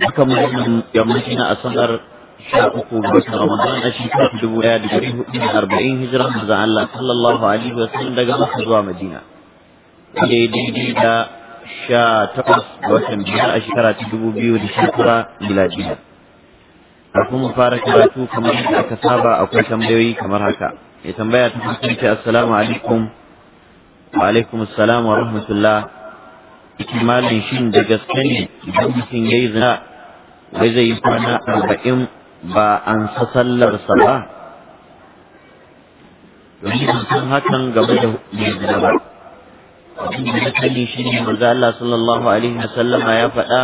haka mutum yammaci na asabar sha uku ga watan ramadan a shekara ta dubu ɗaya da ɗari hudu da arba'in hijira maza Allah sallallahu alaihi wa sallam daga Makka zuwa Madina daidai da sha takwas ga watan biyar a shekara ta dubu biyu da sha tara miladiya kafin mu fara karatu kamar yadda aka saba akwai tambayoyi kamar haka ya tambaya ta farko ce assalamu alaikum wa alaikum assalam wa rahmatullah malin shin da gaske ne idan mutum ya yi zina wai zai yi kwana arba'in ba an sa sa ba domin ban san hakan gaba da mai zina ba abin da na sani shi ne maza Allah sallallahu alaihi wa sallama ya faɗa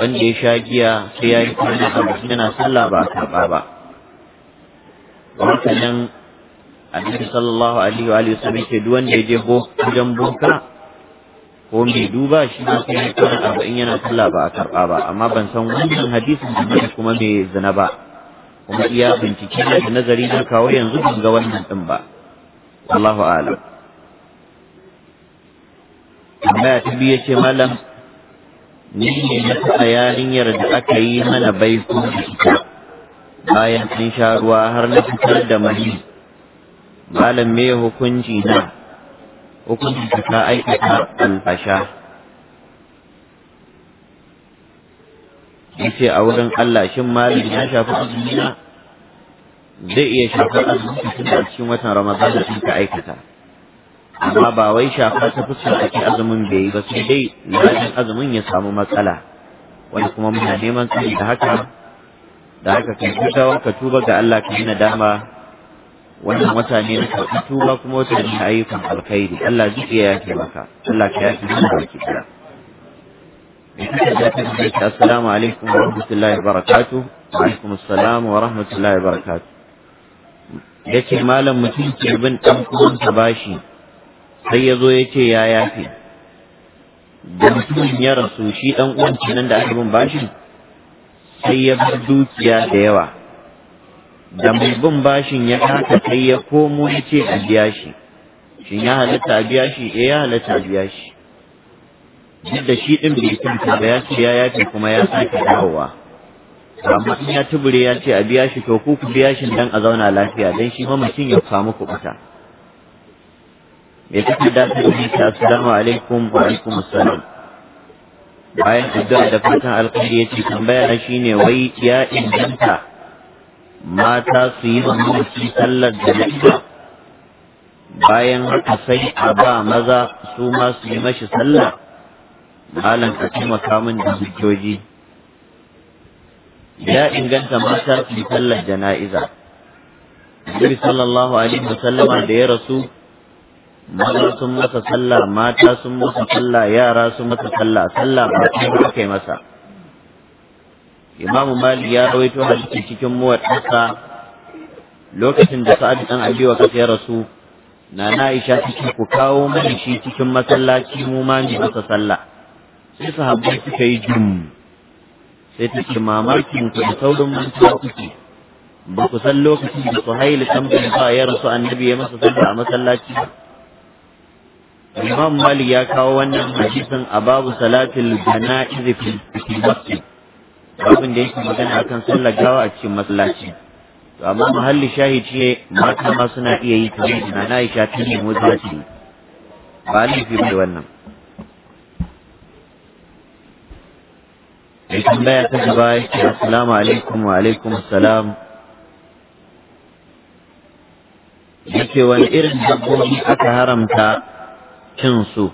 wanda ya sha giya sai ya yi kwana arba'in yana sallah ba a karɓa ba wakilin nan annabi sallallahu alaihi wa sallam ke duk wanda ya je wajen boka ko mai duba shi ma sai ya kwana arba'in yana sallah ba a karɓa ba amma ban san wannan hadisin da kuma mai zina ba kuma iya bincike da nazari na kawo yanzu ban ga wannan din ba wallahu a'lam ya tabbi ya ce malam ni ne na taɓa yarinyar da aka yi mana baiko da bayan sun sha ruwa har na fitar da mahi malam me hukunci na hukuncin ta ta aikata albasha yace a wurin Allah shin malin ya shafi azumina zai iya shafar azumina tun da cikin watan Ramadan da ka aikata amma ba wai shafa ta fuskar ake azumin bai yi ba sai dai lafiyar azumin ya samu matsala wani kuma muna neman tsari da haka da haka kai tuba ga Allah ka yi nadama wannan wata ne na karɓi tuba kuma wata ne na ayyukan alkhairi Allah zai iya yake maka Allah ka yake mana baki daya da kika da ta ce assalamu alaikum wa rahmatullahi wa barakatuh wa alaikum assalam wa rahmatullahi wa barakatuh yace malam mutum ke bin dan uwansa bashi sai ya zo ya ce ya yafe da mutumin ya rasu shi dan uwan nan da aka bin bashi sai ya bar dukiya da yawa da mai bin bashin ya kasa kai ya komo ya ce a biya shi shin ya halatta a biya shi eh ya halatta a biya shi duk da shi din bai kanta ba ya ce ya yafi kuma ya sake dawowa amma in ya tubure ya ce a biya shi to ku ku biya shi dan a zauna lafiya dan shi mamacin ya samu kuɓuta me kake da ta assalamu alaikum wa alaikum assalam bayan addu'a da fatan ya ce tambaya na shine wai ya inganta mata su yi mamaki sallar jana'iza bayan haka sai a ba maza su ma su yi mashi sallah malam ka taimaka min da hujjoji ya inganta mata su yi sallar jana'iza Nabi sallallahu alaihi wasallama da ya rasu maza sun masa sallah mata sun masa sallah yara sun masa sallah sallah ba kai masa imam mali ya rawaito hadisi cikin muwaddasa lokacin da sa'ad dan abi wa ya rasu nana aisha take ku kawo mani shi cikin masallaci mu ma ni masa sallah sai sahabbai suka yi jum sai ta ce mamakin ku da saurin mantuwa kuke ba ku san lokacin da ku tambayi ba ya rasu annabi ya masa sallah a masallaci imam mali ya kawo wannan hadisin a babu salatul jana'iz fil masjid babin da yake magana akan sallar gawa a cikin masallaci to amma mahalli shahid ce mata ma suna iya yi kamar da na Aisha ta ne mutaki ba laifi da wannan Mai tambaya ta gaba ya ce assalamu alaikum wa alaikum assalam ce wani irin dabbobi aka haramta cin su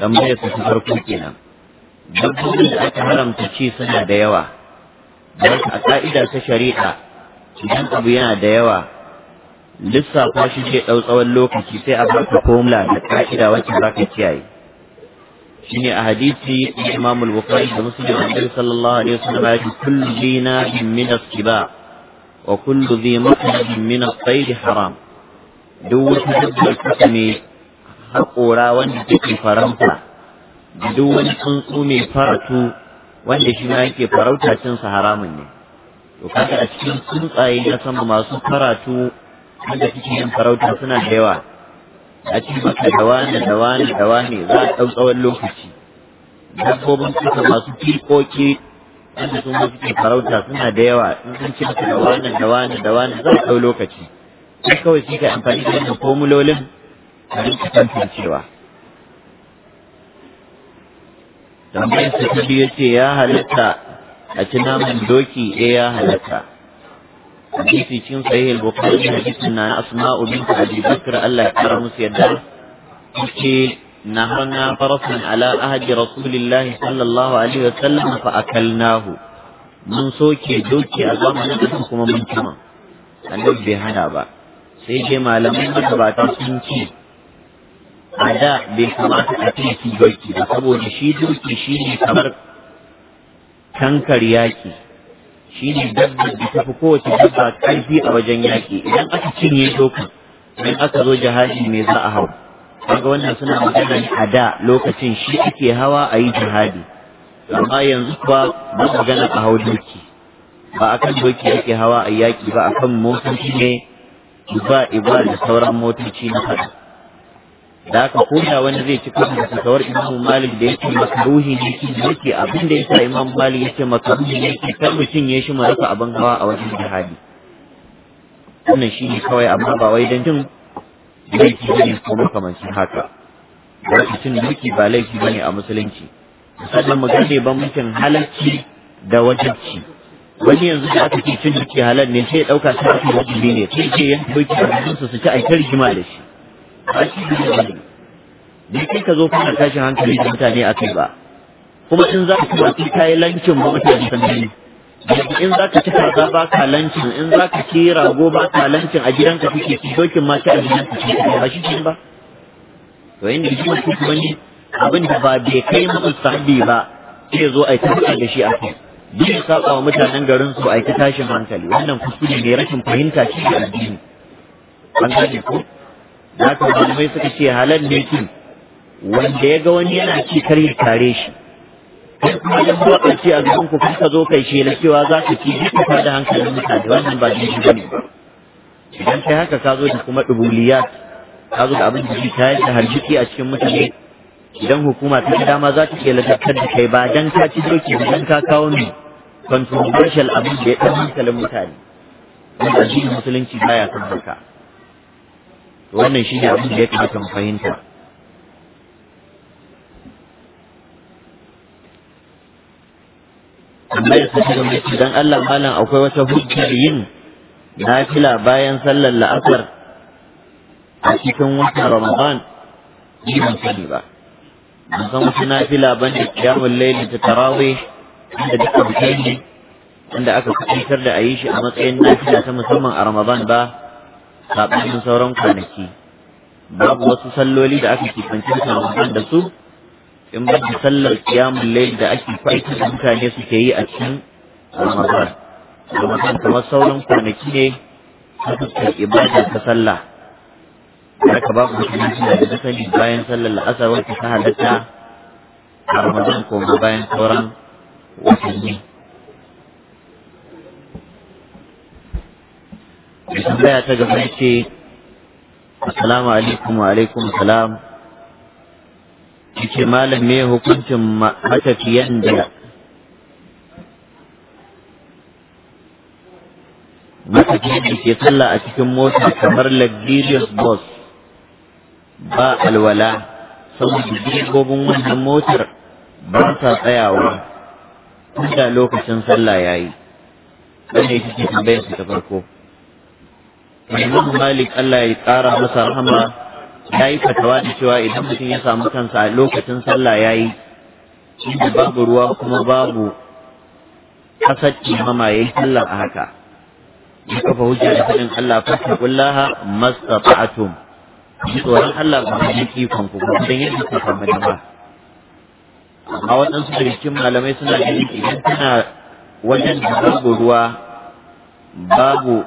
tambayar ta farko kenan dabbobin da aka haramta ci suna da yawa don a ka'ida ta shari'a idan abu yana da yawa lissafa shi zai ɗau tsawon lokaci sai a baka formula da ka'ida wacce za ka kiyaye shi ne a hadisi Imam al-Bukhari da Muslim Annabi sallallahu alaihi wasallam ya ce kullu dinarin min as-siba wa kullu dhi maqlabin min as-sayr haram duk wata dabbar ta har kora wanda take faranta da duk wani tsuntsu mai faratu wanda shi ma yake farauta cin sa haramun ne to kaga a cikin tsuntsaye na sama masu faratu wanda suke yin farauta suna da yawa a ci baka da wani da wani da wani za a ɗau tsawon lokaci dabbobin suka masu kirkoki wanda sun ma suke farauta suna da yawa in sun ci maka da wani da wani da wani za a ɗau lokaci sai kawai shi ka amfani da wannan formulolin a rinka tantancewa tambayar sa ta ya ce ya halitta a ci namun doki eh ya halitta a hadisi cikin sahih al-bukhari hadisin na asma'u bint abi bakr Allah ya fara musu yadda ce na hanga farasan ala ahadi rasulillahi sallallahu alaihi wa sallam fa akalnahu mun soke doki a na da kuma mun kuma annabi bai hana ba sai dai malaman da ba ta sun ci a da bai kamata a teki doki ba saboda shi duki shi ne kamar tankar yaki shi ne dabba da tafi kowace dabba karfi a wajen yaki idan aka cinye dokan idan aka zo jihadi me za a hau kaga wannan suna magana a da lokacin shi ake hawa a yi jihadi amma yanzu kuwa ba magana a hau doki ba a kan doki ake hawa a yaki ba a kan motoci ne ba iba da sauran motoci na fada da haka ko da wani zai ci kudin da fatawar imam malik da yake makaruhi ne ki yake abin da yasa imam malik yake makaruhi ne ki kar mutum ya shi mu rasa abin hawa a wajen jihadi wannan shi ne kawai amma ba wai dan jin laifi ne ko makamancin haka wani cin yake ba laifi bane a musulunci musamman mu gane bambancin halarci da wajibci wani yanzu da aka ce cin jiki halal ne sai ya dauka sai ake wajibi ne sai ce yanzu duki a su ci a jima da shi ba shi ne ne kai ka zo kana tashin hankali da mutane a kai ba kuma in za ka ci baki yi lancin ba mutane san gani yanzu in za ka ci kaza ba ka lancin in za ka ci rago ba ka lancin a gidanka kake ci dokin ma ta a gidanka ci ba shi ba to inda jima ci kuma ne abin da ba bai kai musu sahabi ba ke zo a yi tafiya da shi a kai duk da saba wa mutanen garin su a tashin hankali wannan kuskure ne rashin fahimta shi da addini an gane ko da haka malamai suka ce halar ne ki wanda ya ga wani yana ci kar ya tare shi kai kuma idan zo a a gaban ku kuka zo kai shela cewa za ka ci duk ka da hankalin mutane wannan ba daidai ba ne idan kai haka ka zo da kuma dubuliyat ka zo da abin da ta yadda harjiki a cikin mutane idan hukuma ta ga dama za ta ke ladabtar da kai ba dan ka ci doki dan ka kawo mai controversial abin da ya ɗan hankalin mutane wanda addinin musulunci baya kan haka wannan shi ne abin da ya kamata mu fahimta amma ya sace da idan Allah malam akwai wata hujjar yin nafila bayan sallar la'asar a cikin watan Ramadan ni ban sani ba ban san wata nafila ban da kiyamul layli ta tarawe da duka bukari inda aka kusantar da a yi shi a matsayin nafila ta musamman a Ramadan ba saɓanin sauran kwanaki babu wasu salloli da aka kifanci Ramadan da su in ba da sallar kiyamun layl da ake faita da mutane suke yi a cikin Ramadan Ramadan kamar sauran kwanaki ne ta fuskar ibada ta sallah ka babu musulunci da ta sani bayan sallar la'asar wata ta halatta a Ramadan ko bayan sauran watanni. mai tambaya ta gaba ya ce assalamu alaikum wa alaikum salam yake malam me hukuncin matafiyan da matafiyan da ke sallah a cikin mota kamar luxurious bus ba alwala saboda direbobin wannan motar ba sa tsayawa tun da lokacin sallah ya yi wannan ita ce tambayar ta farko Imam Malik Allah ya tsara masa rahama ya yi fatawa da cewa idan mutum ya samu kansa a lokacin sallah ya yi inda babu ruwa kuma babu kasar imama ya yi sallar a haka ya kafa hujja da faɗin Allah masa fa'atum. ji tsoron Allah ba ku yi ikon ku kuma dan yadda ku samu ba. amma waɗansu daga cikin malamai suna ganin idan kana wajen da babu ruwa babu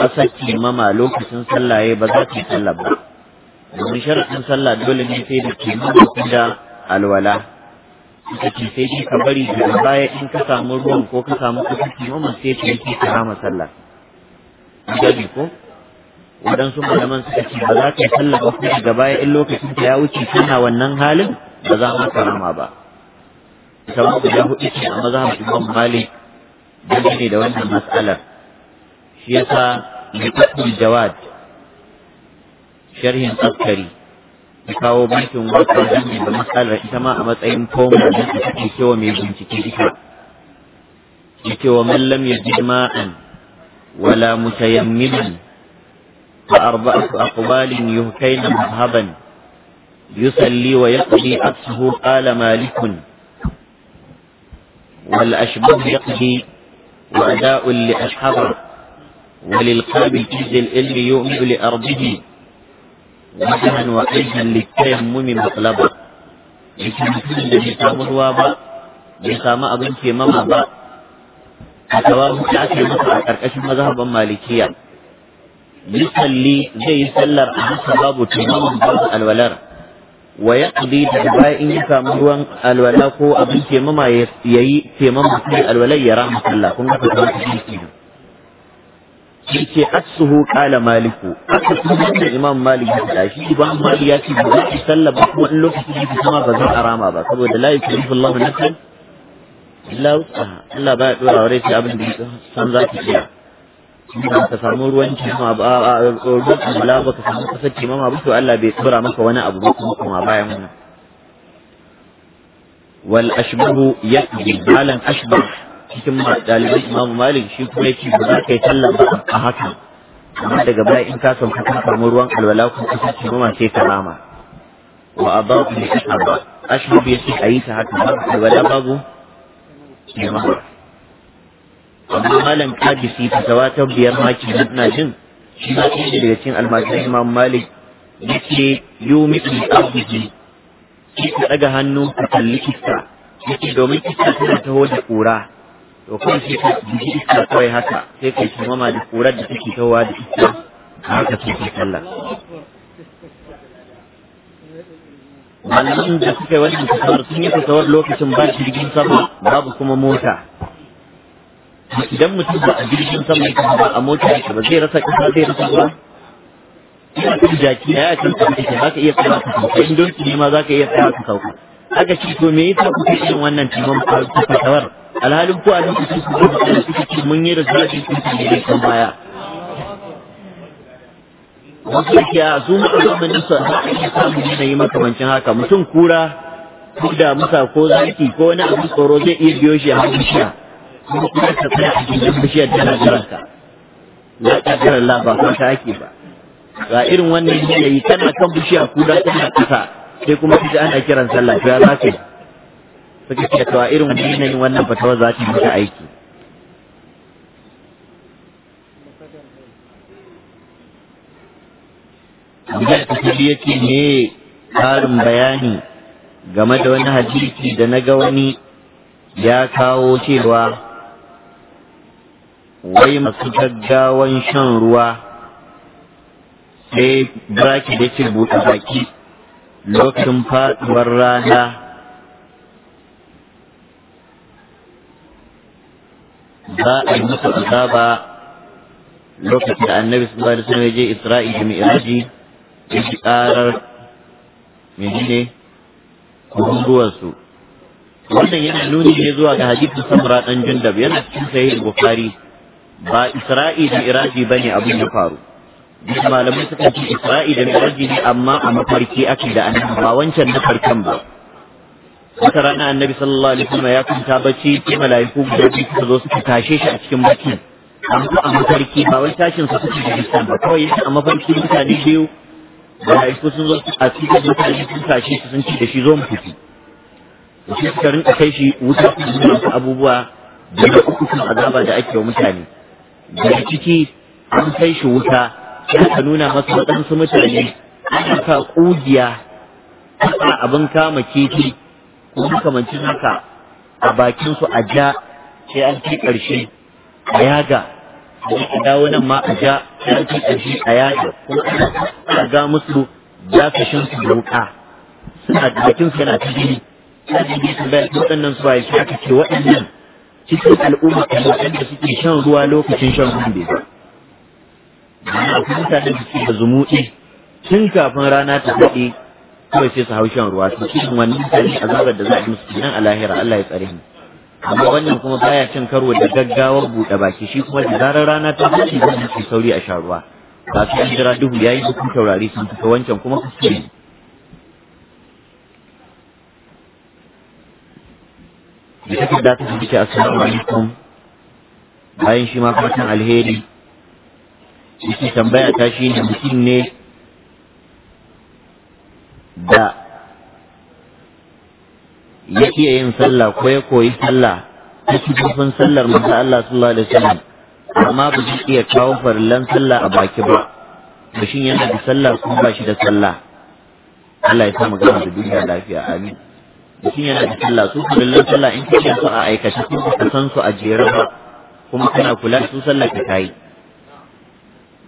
ƙasar kimama lokacin sallaye ba za ta yi sallah ba domin sharaɗin sallah dole ne sai da kimama ko da alwala suka ce sai dai ka bari daga baya in ka samu ruwan ko ka samu kuɗin kimama sai ka yi ka rama sallah gabi ko waɗansu malaman suka ce ba za ka yi sallah ba ko daga baya in lokacin ta ya wuce kana wannan halin ba za mu karama ba kamar guda hudu ce a mazhabin Imam Malik dangane da wannan mas'alar شيخ لقدم الزواج شرح أذكري كاو بنت موقع جنبي بمسألة إنما أمت أي مفهوم من ميزن تكيكا يتوى ومن لم يجد ماء ولا متيمما فأربعة أقبال يهكين مذهبا يصلي ويقضي أبسه قال مالك والأشبه يقضي وأداء لأشحره وللقلب جزء العلم يؤمن لأرضه وحما وحيدا للتيمم مطلبا لكن كل بسام الوابا بسام أبن في ممابا فتواه كأتي مطلع كركش مذهبا مالكيا يسل زي سلر عن سباب تمام بعض الولار ويقضي تحباء إنك مروان الولاكو أبن في مما يي في مما في الولاي رحمة الله كنت تتواتي في yake asuhu kala maliku aka da imam malik da shi ba mali ya ci ba shi sallah ba kuma lokacin da kuma ba zai arama ba saboda la yukallifu Allah nafsan illa wusaha Allah ba ya dora wa rai abin da san za ki iya kuma ka samu ruwan ki ma ba a ruwan Allah ba ka samu kasar ki ma ba to Allah bai tsura maka wani abu ba kuma kuma bayan wannan wal ashbahu yakbi balan ashbah cikin dalibai imamu malik shi kuma yake ba za ka yi sallah ba a haka amma daga baya in ka sauka ka samu ruwan alwala ko ka sace ma sai ka rama wa abaku bi ashhab ashhab yake ayi ta haka ba alwala babu jama'a amma malam kaji fatawa ta biyar maki na jin shi ma ɗaya daga cikin almajiran imamu malik yake yumi bi abdihi ki ka daga hannu ka kalli kista yake domin kista tana taho da kura to kuma sai ka bugi iska kawai haka sai kai ma da kurar da take tawa da iska haka sai ta, sallah malaman da suka yi wannan tasawar sun yi tasawar lokacin ba jirgin sama babu kuma mota idan mutum ba a jirgin sama yake ba a mota yake ba zai rasa kasa zai rasa ba ina kan jaki da ya kan ke za ka iya tsaya ka sauka in ne ma za ka iya tsaya ka sauka aka ce to me yasa kuke yin wannan tibon fatawar alhalin ko a lokacin su da suke ce mun yi risaji sun ce ne kan baya wasu ke a su mu'amalan su za a ake samun yanayi makamancin haka mutum kura ko da musa ko zaki ko wani abu tsoro zai iya biyo shi a bishiya kuma kuma ta tsaya a cikin bishiyar na jiranta na ƙaddarar lafa ba ta ake ba ga irin wannan yanayi tana kan bishiya kura tana ƙasa sai kuma ji ana kiran sallah ya za ka suka ce to a irin yanayin wannan fatawa za ta maka aiki Abdul Kasiri ya ce ne karin bayani game da wani hadisi da na ga wani ya kawo cewa wai masu gaggawan shan ruwa sai braki da ce buɗe baki lokacin faɗuwar rana za a yi musu azaba lokacin da annabi su ba da ya je Isra'i da Mi'raji ya ji ƙarar menene kururuwar wannan yana nuni ne zuwa ga hadisin samura ɗan jindab yana cikin sahih bukari ba Isra'i da ba ne abin ya faru malamai suka ce isra'i da miraji ne amma a mafarki ake da annabi ba wancan na farkon ba wata rana annabi sallallahu alaihi wasallam ya kunta bacci sai malaiku guda biyu suka zo suka tashe shi a cikin bacci amma a mafarki ba wai tashin su suke da iskan ba kawai yake a mafarki mutane biyu malaiku sun zo a cikin mutane sun tashe shi sun ci da shi zo mu fiti da shi suka rinka kai shi wuta su abubuwa da uku sun azaba da ake wa mutane Da ciki an kai shi wuta sai aka nuna masa waɗansu mutane aka sa ƙugiya aka abin kama kifi ko makamancin haka a bakin su a ja sai an fi ƙarshe a yaga a dawo nan ma a ja sai an fi ƙarshe a yaga kuma aka ga musu dakashin su da wuƙa suna bakin su yana ta jini ta jini su bayan waɗannan su bayan sai aka ce waɗannan cikin al'umma kan waɗanda suke shan ruwa lokacin shan ruwa bai amma akwai mutanen da suke da zumuɗi tun kafin rana ta faɗi kawai sai su hau shan ruwa to irin wannan mutane azabar da za a yi musu kenan a lahira Allah ya tsare mu amma wannan kuma baya cin karo da gaggawar buɗe baki shi kuma da zarar rana ta faɗi zai yi sauri a sha ruwa ba su an jira duhu yayi hukun taurari sun fita wancan kuma kuskure da takarda ta fi ce assalamu alaikum bayan shi ma kuma fatan alheri yake tambaya ta shi ne mutum ne da ya iya yin sallah ko ya koyi sallah ta cikin sallar manzo Allah sallallahu alaihi wasallam amma ba shi iya kawo farillan sallah a baki ba da shi yana da sallah kuma ba shi da sallah Allah ya sa mu gama da duniya lafiya amin mutum yana da sallah su farillan sallah in kike so a aikata kun san su a jere ba kuma kana kula su sallah ka kai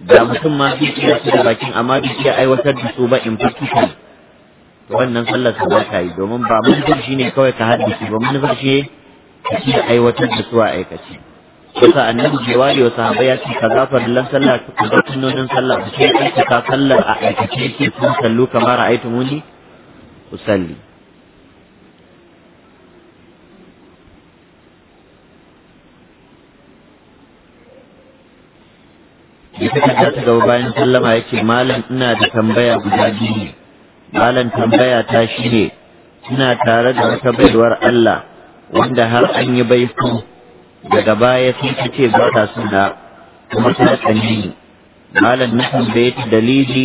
da mutum ma zai iya su bakin amma bai iya aiwatar da su ba in practical wannan sallar sa ba ta yi domin ba manufar shi ne kawai ka haddace ba manufar shi ka iya aiwatar da su a aikace kusa annabi jawari wa sahaba ya ce ka gafar lan sallah ku ga sunnonin sallah ku ce ka kallar a aikace ke kun sallu kamar ra'aytumuni usalli ita ta ta gaba bayan sallama yake malam ina da tambaya guda biyu malam tambaya ta shi ne ina tare da wata baiwar Allah wanda har an yi baiku daga baya sun ta ce ba ta suna kuma ta tsani malam na tambaye ta dalili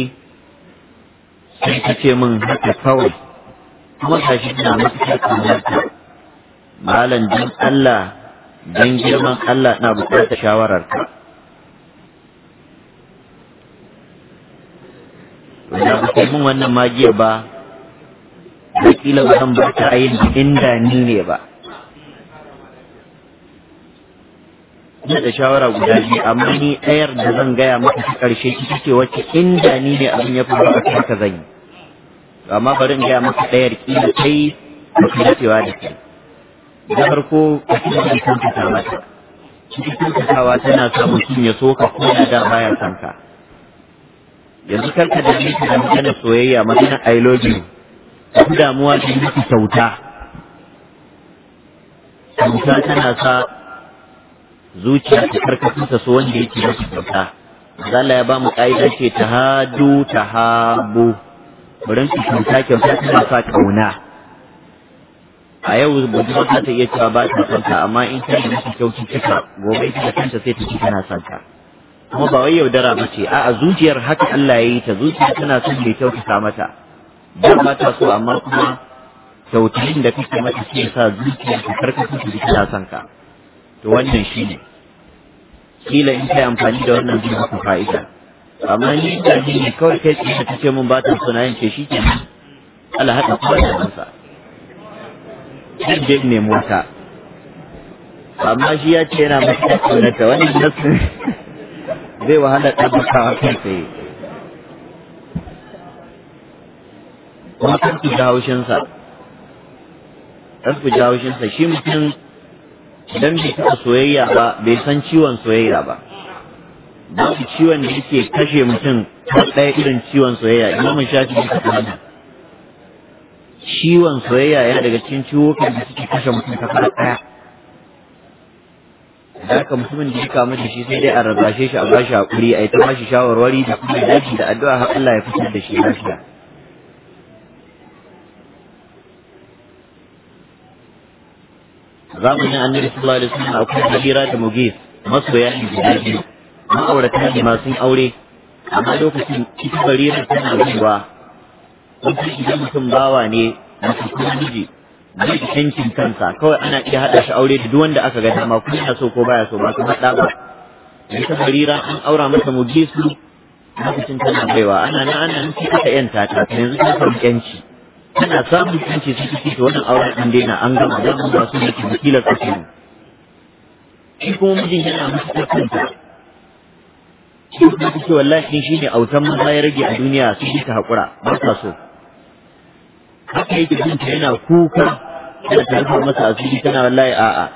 sai ta ce min haka kawai kuma ta shi na matuƙar kamarta malam don Allah don girman Allah na buƙatar shawararka wanda ba mun wannan magiya ba da kila ba zan ba ta inda ni ne ba ina da shawara guda biyu amma ni ɗayar da zan gaya maka ta ƙarshe ita ce wacce inda ni ne abin ya fara a kanka zan yi amma bari in gaya maka ɗayar kila kai ba ka dacewa da kai da farko ka ci da kanka ta mata cikin kankawa tana samun cinye ya so ka ko da baya kanka yanzu karka da miki da magana soyayya magana I love you ku damuwa da miki kyauta sauta tana sa zuciya ta karkatu ta so wanda yake da sauta Allah ya ba mu ka'ida ce ta habu burin ki kyauta kyauta tana sa kauna a yau budurwa za ta iya cewa ba ta sauta amma in ta yi miki ki cika gobe ita kanta sai ta ci tana sauta. kuma ba wai yaudara ba ce a'a zuciyar haka Allah ya yi ta zuciya tana son mai kyautata mata ba ba ta so amma kuma kyautayin da kake mata shi sa zuciya ta karkata ta ji tana son ka to wannan shi ne kila in kai amfani da wannan zai maka fa'ida amma ni da ni kawai kai tsaye ta ce mun ba ta so na yanke shi ke Allah haka kuma da kansa. duk ne mota amma shi ya ce yana masa ta wani nasu zai wahala tabbatawa kai tsaye kuma kan ku jawushinsa kan ku haushinsa shi mutum idan bai taɓa soyayya ba bai san ciwon soyayya ba babu ciwon da yake kashe mutum ɗaya irin ciwon soyayya mun shafi da ta kuma ciwon soyayya yana daga cikin ciwo da suke kashe mutum ta fara ɗaya da haka mutumin da ya kamu da shi sai dai a rabashe shi a bashi hakuri a yi ta mashi shawarwari da kuma daji da addu'a har Allah ya fitar da shi lafiya zamanin annabi sallallahu alaihi wasallam akwai kabira da mugis masoya ne guda biyu ma'aurata ne masu aure amma lokacin ita barira tana ruwa kuma idan mutum bawa ne masu kuma miji zai cikin kansa kawai ana iya haɗa shi aure da duk wanda aka ga dama ko yana so ko baya so ba su haɗa ba ta barira an aura mata mugisu lokacin tana baiwa ana nan ana nan cikin ta yanta ta yanzu ta samu yanci tana samun yanci su kike to wannan auren an daina an gama da ba su ne kila kace shi kuma mijin yana mutu ta shi kuma ce wallahi shi ne autan maza ya rage a duniya su ta haƙura ba ka so haka yake jinta yana kuka yana tarfa masa asiri tana wallahi a'a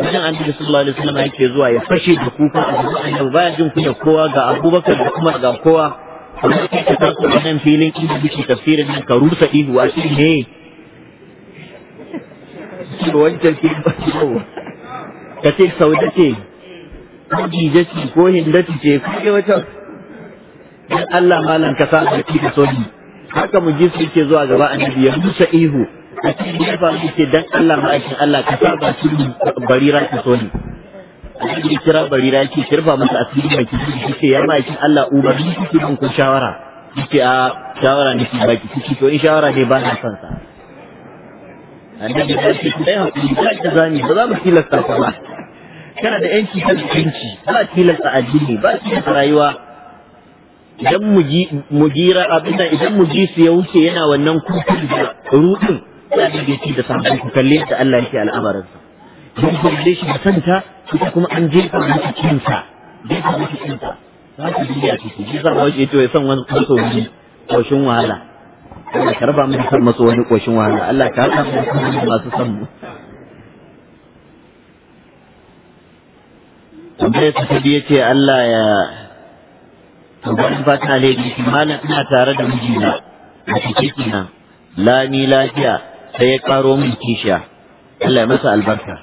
wajen annabi sallallahu alaihi wasallam yake zuwa ya fashe da kuka a an yau baya jin kunya kowa ga abubakar da kuma ga kowa amma kai ka taso a nan filin inda kike tafsirin nan ka rusa ihu a shi ne wancan ke ba ka ce sauda ce ko jijaci ko hindati ce ko wata dan Allah malam ka sa a cikin sodi haka mu gisu yake zuwa gaba annabi ya musa ihu a cikin ya faru yake dan Allah ma'aikin Allah ka sa ba shi barira ka so ni annabi kira barira yake kirfa masa asiri mai kici yake ya ma'aikin Allah umarni kike mun ku shawara yake a shawara ne ki baki kike to in shawara ne ba na son sa annabi ya ce kai hakuri ba da zani ba za mu tilasta ka ba kana da yanki kan yanki ba tilasta addini ba tilasta rayuwa idan mugira abinda idan su ya wuce yana wannan kufin da rudin ya da ci da sabon ku kalle da Allah yake al'amarin sa duk da shi da santa ita kuma an ka miki cikin sa jefa shi cikin sa za ku ji ya ci. ji zan ku wace to ya san wani kwaso ne koshin wahala Allah ka raba mu san masu wani koshin wahala Allah ka raba mu masu san mu tambayar ta biye ce Allah ya to ba ta laifi shi malam ina tare da mijina a cikin kenan lami lafiya sai ya karo min kishiya Allah ya masa albarka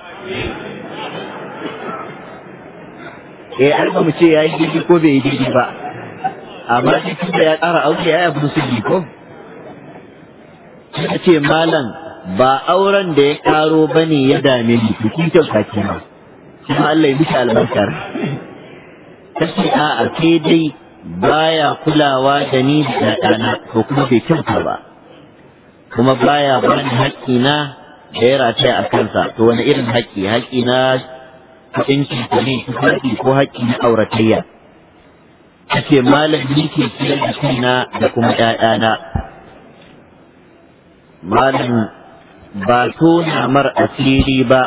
eh an ba mu ce yayi gidi ko bai yi gidi ba amma shi tunda ya kara auki, ya abu su ko sai ce malam ba auren da ya karo bane ya dame ni cikin kin kyauta kuma Allah ya miki albarka a a'a kai dai baya kulawa da ni da ɗana ko kuma bai kyauta ba kuma baya bani haƙƙina da ya rataya a kansa to wani irin haƙƙi haƙƙi na kuɗin ne haƙƙi ko haƙƙi na auratayya ake malami ke ciyar da kaina da kuma ‘ya'yana malam ba na mar asiri ba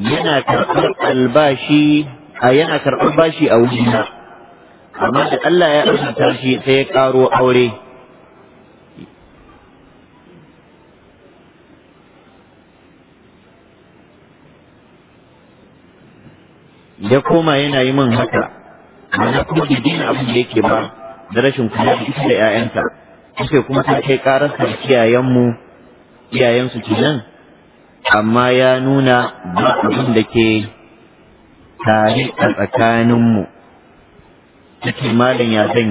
yana karɓar albashi a yana karɓar bashi a wurina amma da Allah ya azurta shi sai ya karo aure ya koma yana yi min haka mana kuma bidin abin da yake ba da rashin kula da ita da 'ya'yanta suke kuma ta kai karar kiyayensu iyayensu kenan amma ya nuna ba abin da ke tare a tsakaninmu take malam ya zan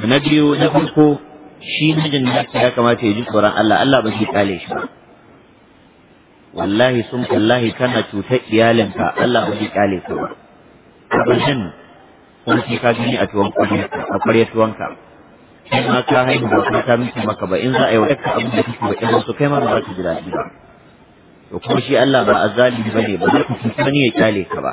yi na biyu na farko shi mijin da ya kamata ya ji tsoron Allah Allah ba shi kale shi ba wallahi sun wallahi kana cutar iyalinka Allah ba shi kale ka ba abin kuma sai ka gani a tuwon a kwarya tuwonka kai ma ka haihu ba kuma ta miki maka ba in za a yi wa abin da kake ba ɗan wasu kai ma ba za ka ji daɗi ba to kuma shi Allah ba azali ba ne ba zai kusa ya kyale ka ba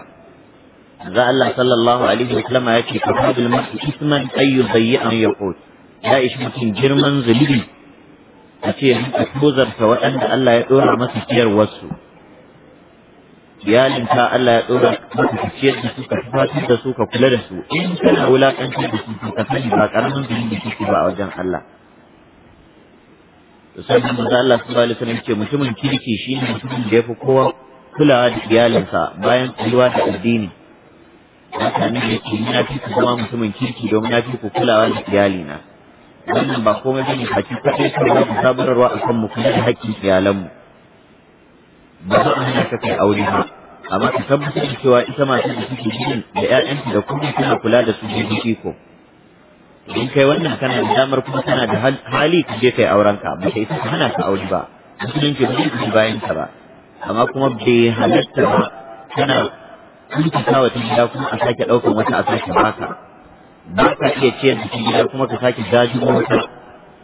za Allah sallallahu alaihi wa sallama ya ce kafadul mar'i isman ayyu bayyi'an yaqut ya ishi mutum girman zulubi a ce a tozarta waɗanda Allah ya ɗora masa ciyarwarsu iyalinka Allah ya ɗora masa ciyar da su ka da su ka kula da su in kana wulaƙantar da su ka sani ba ƙaramin zulubi kike ba a wajen Allah to sannan manzo Allah sallallahu alaihi wasallam ce mutumin kirki ne mutumin da ya fi kowa kulawa da iyalinsa bayan kulawa da addini haka ne da ke na fi ku zama mutumin kirki domin na fi ku kulawa da iyali na wannan ba komai bane haƙi kaɗai kawai za ku sabararwa a kan mu kuma da haƙƙin iyalanmu ba za a hana ka kai aure ba amma ka tabbatar da cewa ita masu da suke gidan da 'ya'yanta da kuma suna kula da su daidai ko. in kai wannan kana da damar kuma kana da hali ka je kai aurenka ba kai ta hana ka aure ba musulunci ba zai bayan ka ba amma kuma bai halarta ba kana ka wa wata gida kuma a sake ɗaukar wata a sake baka ba ka iya ciyar da cikin gida kuma ka sake dajibo wata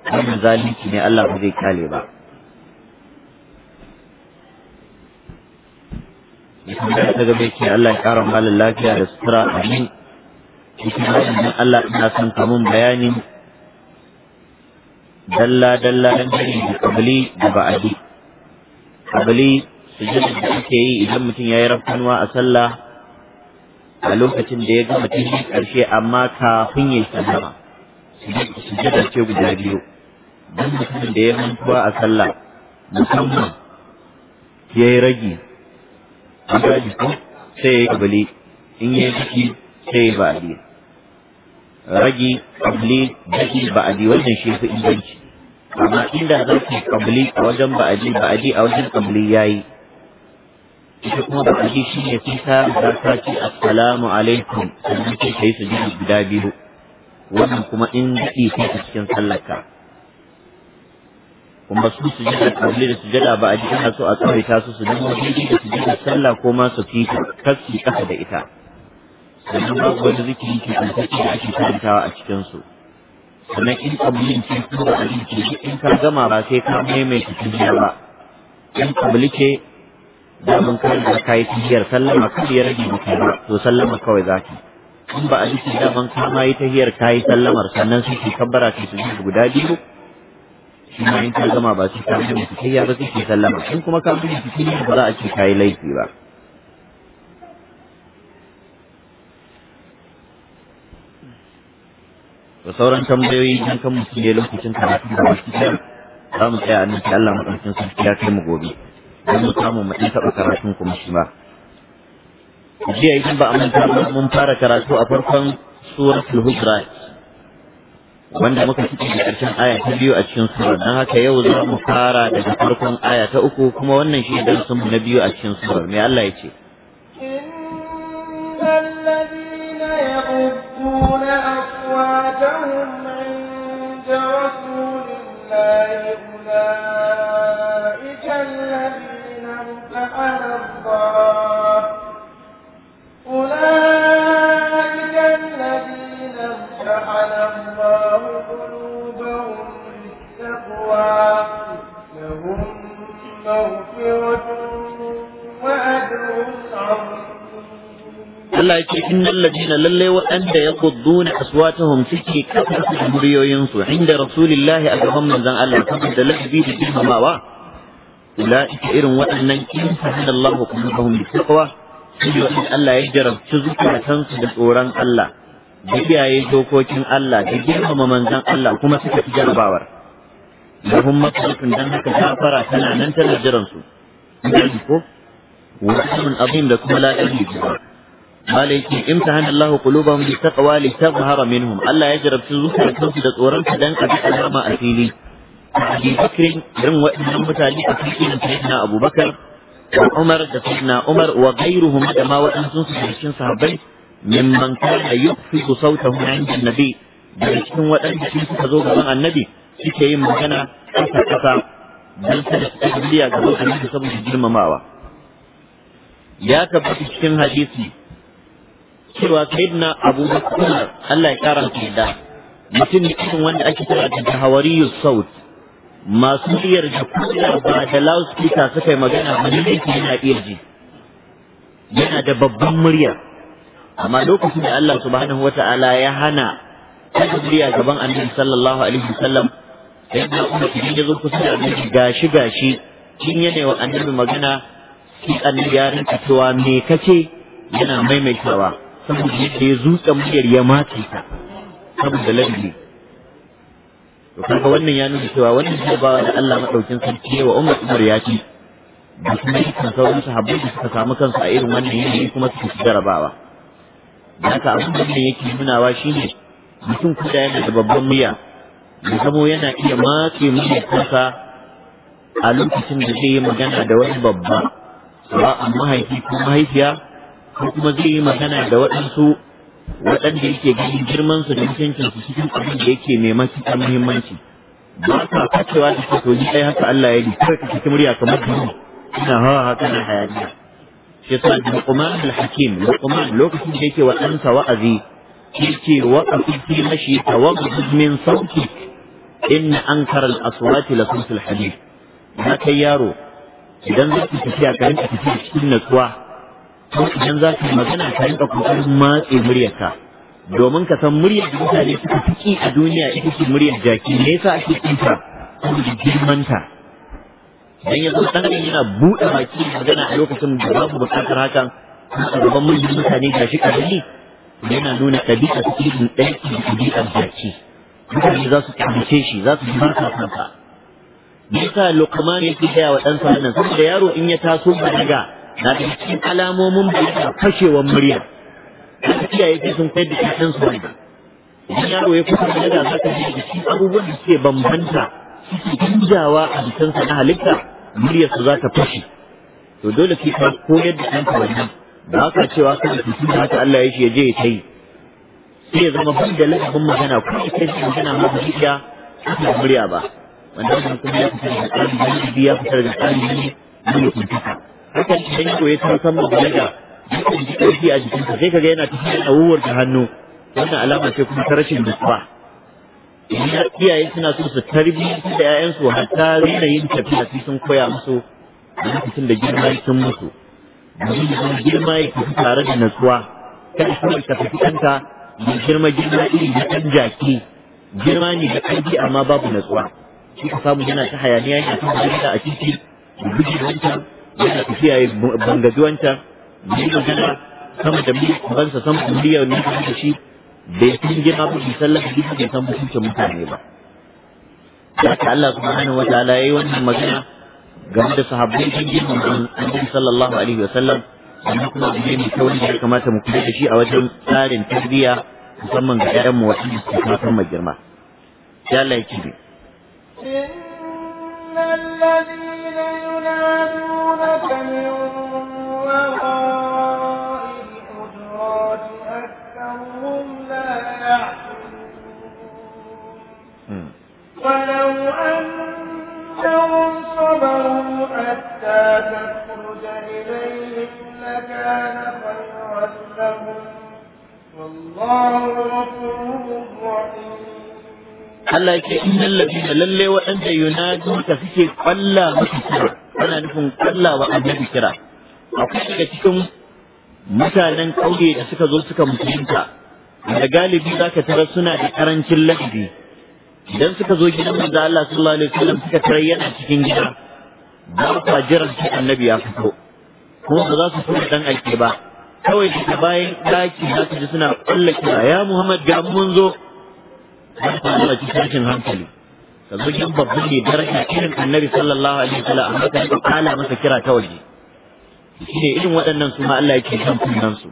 wannan zalunci ne Allah ba zai kyale ba yakan da ta gabe ke Allah ya ƙara malin lafiya da sutura amin cikin nan, Allah ina son kamun bayanin dalla dalla dan gani da kabili da ba'adi kabili jirgin da ake yi idan mutum ya yi rafkanuwa a sallah a lokacin da ya gama cikin ƙarshe amma kafin ya sallama da ce guda biyu don mutumin da ya mantuwa a sallah musamman ya yi ragi a gaji ko sai ya yi kabili in ya yi ciki sai ya ba'adi ragi kabili biki ba'adi wannan shi fi inganci amma inda za ku kabili a wajen ba'adi ba'adi a wajen kabili ya yi ita kuma da ake shi ne fita za ta ce assalamu alaikum sannan sai ka yi jiki guda biyu wannan kuma in daɗi sai ka cikin sallarka kuma su su sujada kabli da su jada ba a jikin so a tsawai ta su su nemo daidai da sujada sallah ko ma su fita kaski kasa da ita sannan babu wani zikiri ke alfaɗi da ake karantawa a cikinsu sannan in kablin ce ko a jiki in ka gama ba sai ka maimaita tafiya ba in kabli ce da mun kai da kai tahiyar sallama kai ya rage maka to sallama kawai zaki in ba a duki da ban kama yi tahiyar kai sallamar sannan su ki kabbara ki su guda biyu kuma in ka gama ba su ta mu ki tahiyar ba ki sallama in kuma ka bi ki ba za a ce kai laifi ba da sauran tambayoyi dan kan mutum ne lokacin karatu da wasu za mu tsaya a nan Allah madaukakin sarki ya kai mu gobe don mu samu mu ɗan taɓa karatun kuma shi ma jiya yi ba a manta ba mun fara karatu a farkon suratul hujra wanda muka cike da ƙarshen aya ta biyu a cikin suwar, don haka yau za mu fara daga farkon aya ta uku kuma wannan shi dan sun na biyu a cikin suwar, mai Allah ya ce Allah yake innal ladina lalle waɗanda yaqudduna aswatahum suke kasar muryoyinsu inda rasulillahi a gaban manzon Allah saboda ladabi da girmamawa ita irin waɗannan in fahada Allahu qulubahum bitaqwa sai wanda Allah ya jarabci zukatansu da tsoron Allah da kiyaye dokokin Allah da girmama manzon Allah kuma suka fi jarabawar lahum maghfiratun dan haka ta fara tana nan tana jiran su ko wa azim da kuma la'ayi malaikin imtahana Allah qulubahum bi taqwa li tazhara minhum Allah ya jarabci zuciyarsu da tsoron su dan a alama a fili da Abi Bakr irin waɗannan mutane a cikin sayyidina Abu Bakar da Umar da sayyidina Umar wa ghayruhum da ma sun su cikin sahabbai mimman kana yukhfidu sautahu 'inda an-nabi daga cikin waɗanda sun suka zo gaban annabi suke yin magana ƙasa ƙasa don su da suka ga gaban annabi saboda girmamawa ya tabbata cikin hadisi cewa sayyidina Abu Bakr Allah ya karanta da mutum ne irin wanda ake kira da hawariyyus saut masu iyar da kudiyar ba da lauskita suka yi magana ba ne yana iya ji yana da babban murya amma lokacin da Allah subhanahu Ta'ala ya hana kada murya gaban annabi sallallahu alaihi wasallam sai da umma idan da zo kusa da annabi gashi gashi kin yana wa annabi magana ki annabi ya rinka cewa me kace yana maimaitawa saboda yadda ya zuƙa muryar ya mace ta saboda ladabi to ga wannan ya nuna cewa wannan bawa da Allah madaukin sarki wa Umar Umar ya ci da kuma dukkan sauran sahabbai da suka samu kansu a irin wannan yanayi kuma suka ci jarabawa da haka abin da yake nunawa shine mutum kuda yana da babban miya da zamo yana iya matse mahaifinsa a lokacin da zai yi magana da wani babba ba mahaifi ko mahaifiya ko kuma zai yi magana da waɗansu waɗanda yake ganin girman su da mutuncin su cikin abin da yake mai matuƙar muhimmanci ba ka fatewa da ka toji kai haka Allah ya yi kar ka cikin murya kamar duhu ina hawa haka na hayaniya shi yasa kuma al-Hakim kuma lokacin da yake wa ɗansa wa'azi yake waqafi fi mashi tawaqquf min sauki. in ankara al-aswati la sautul hadid na kai yaro idan zaki tafiya ka rinka tafiya cikin natsuwa ko idan za ka magana ka rinka kokarin matse muryarka domin ka san muryar da mutane suka fiki a duniya ita ce muryar jaki me yasa ake kinta saboda girmanta dan yanzu dan yana buɗe baki magana a lokacin da babu buƙatar hakan a gaban muryar mutane shi kabili yana nuna ɗabi'a irin ɗaiki da ɗabi'ar jaki mutane za su kyamace shi za su ji barka kansa me yasa ya yake gaya wa ɗansa wannan saboda yaro in ya taso ba daga na da cikin alamomin da fashewar murya da iyaye ke sun kai da ƴaƴan su wani idan yaro ya kusa da daga zaka ji da shi abubuwan da suke bambanta suke gudawa a sa na halitta muryarsu su za ta fashe to dole sai ka koyar da ɗanka wannan ba ka cewa kana tutu da haka Allah ya ya je ya yi. sai ya zama ban da lakabin magana ko ita ce magana ma ba iya aka murya ba wanda kuma ya fitar da tsari ya fitar da tsari ne ne kuntaka hakan idan yaro ya san musamman balaga yakan ji ƙarfi a jikinsa sai kaga yana tafiya ɗauwar da hannu wannan alama ce kuma ta rashin nutsuwa iyaye suna so su tarbiyyanci da 'ya'yansu hatta rina yin tafiya sai sun koya musu a lokacin da girma ya sun musu domin da girma ya tafi tare da natsuwa kada kawai ka tafi kanka ya girma girma iri na ɗan jaki girma ne da ƙarfi amma babu natsuwa shi ka samu yana ta hayaniya ne a ta da a titi da gudu wancan yana ya banga kiyaye bangajuwanta bai magana sama da bansa sama da miliyan ne da shi bai san gina ba bai san lafi bai san mutuncin mutane ba da ta Allah su subhanahu wataala yayi wannan magana game da sahabbai din girman annabi sallallahu alaihi wa sallam sannan kuma abu ne mai kyau da ya kamata mu kula da shi a wajen tsarin tarbiyya musamman ga 'ya'yanmu waɗanda suke fatan girma. Ya Allah ya إِنَّ الَّذِينَ يُنَادُونَكَ مِن وَرَاءِ الْحُجُرَاتِ أَكْثَرُهُمْ لَا يَعْقِلُونَ وَلَوْ أَنَّهُمْ صَبَرُوا حَتَّىٰ تَخْرُجَ إِلَيْهِمْ لَكَانَ خَيْرًا لَّهُمْ ۚ وَاللَّهُ غَفُورٌ رَّحِيمٌ Allah ce innal da lalle waɗanda yunadu ka suke kwalla maka kira ana nufin kwalla wa annabi kira akwai daga cikin mutanen kauye da suka zo suka musulunta da galibi ka tara suna da karancin ladabi idan suka zo gidan manzo Allah sallallahu alaihi wasallam suka tara yana cikin gida ba sa jiran shi annabi ya fito kuma ba za su fito dan aike ba kawai daga bayan daki za su ji suna kwalla kira ya Muhammad ga mun zo an faru a cikin hankali ka zo kin babban ne daraja irin annabi sallallahu alaihi wa sallam. amma ka rika kala masa kira ta waje shine irin waɗannan su ma Allah yake kan kunnan su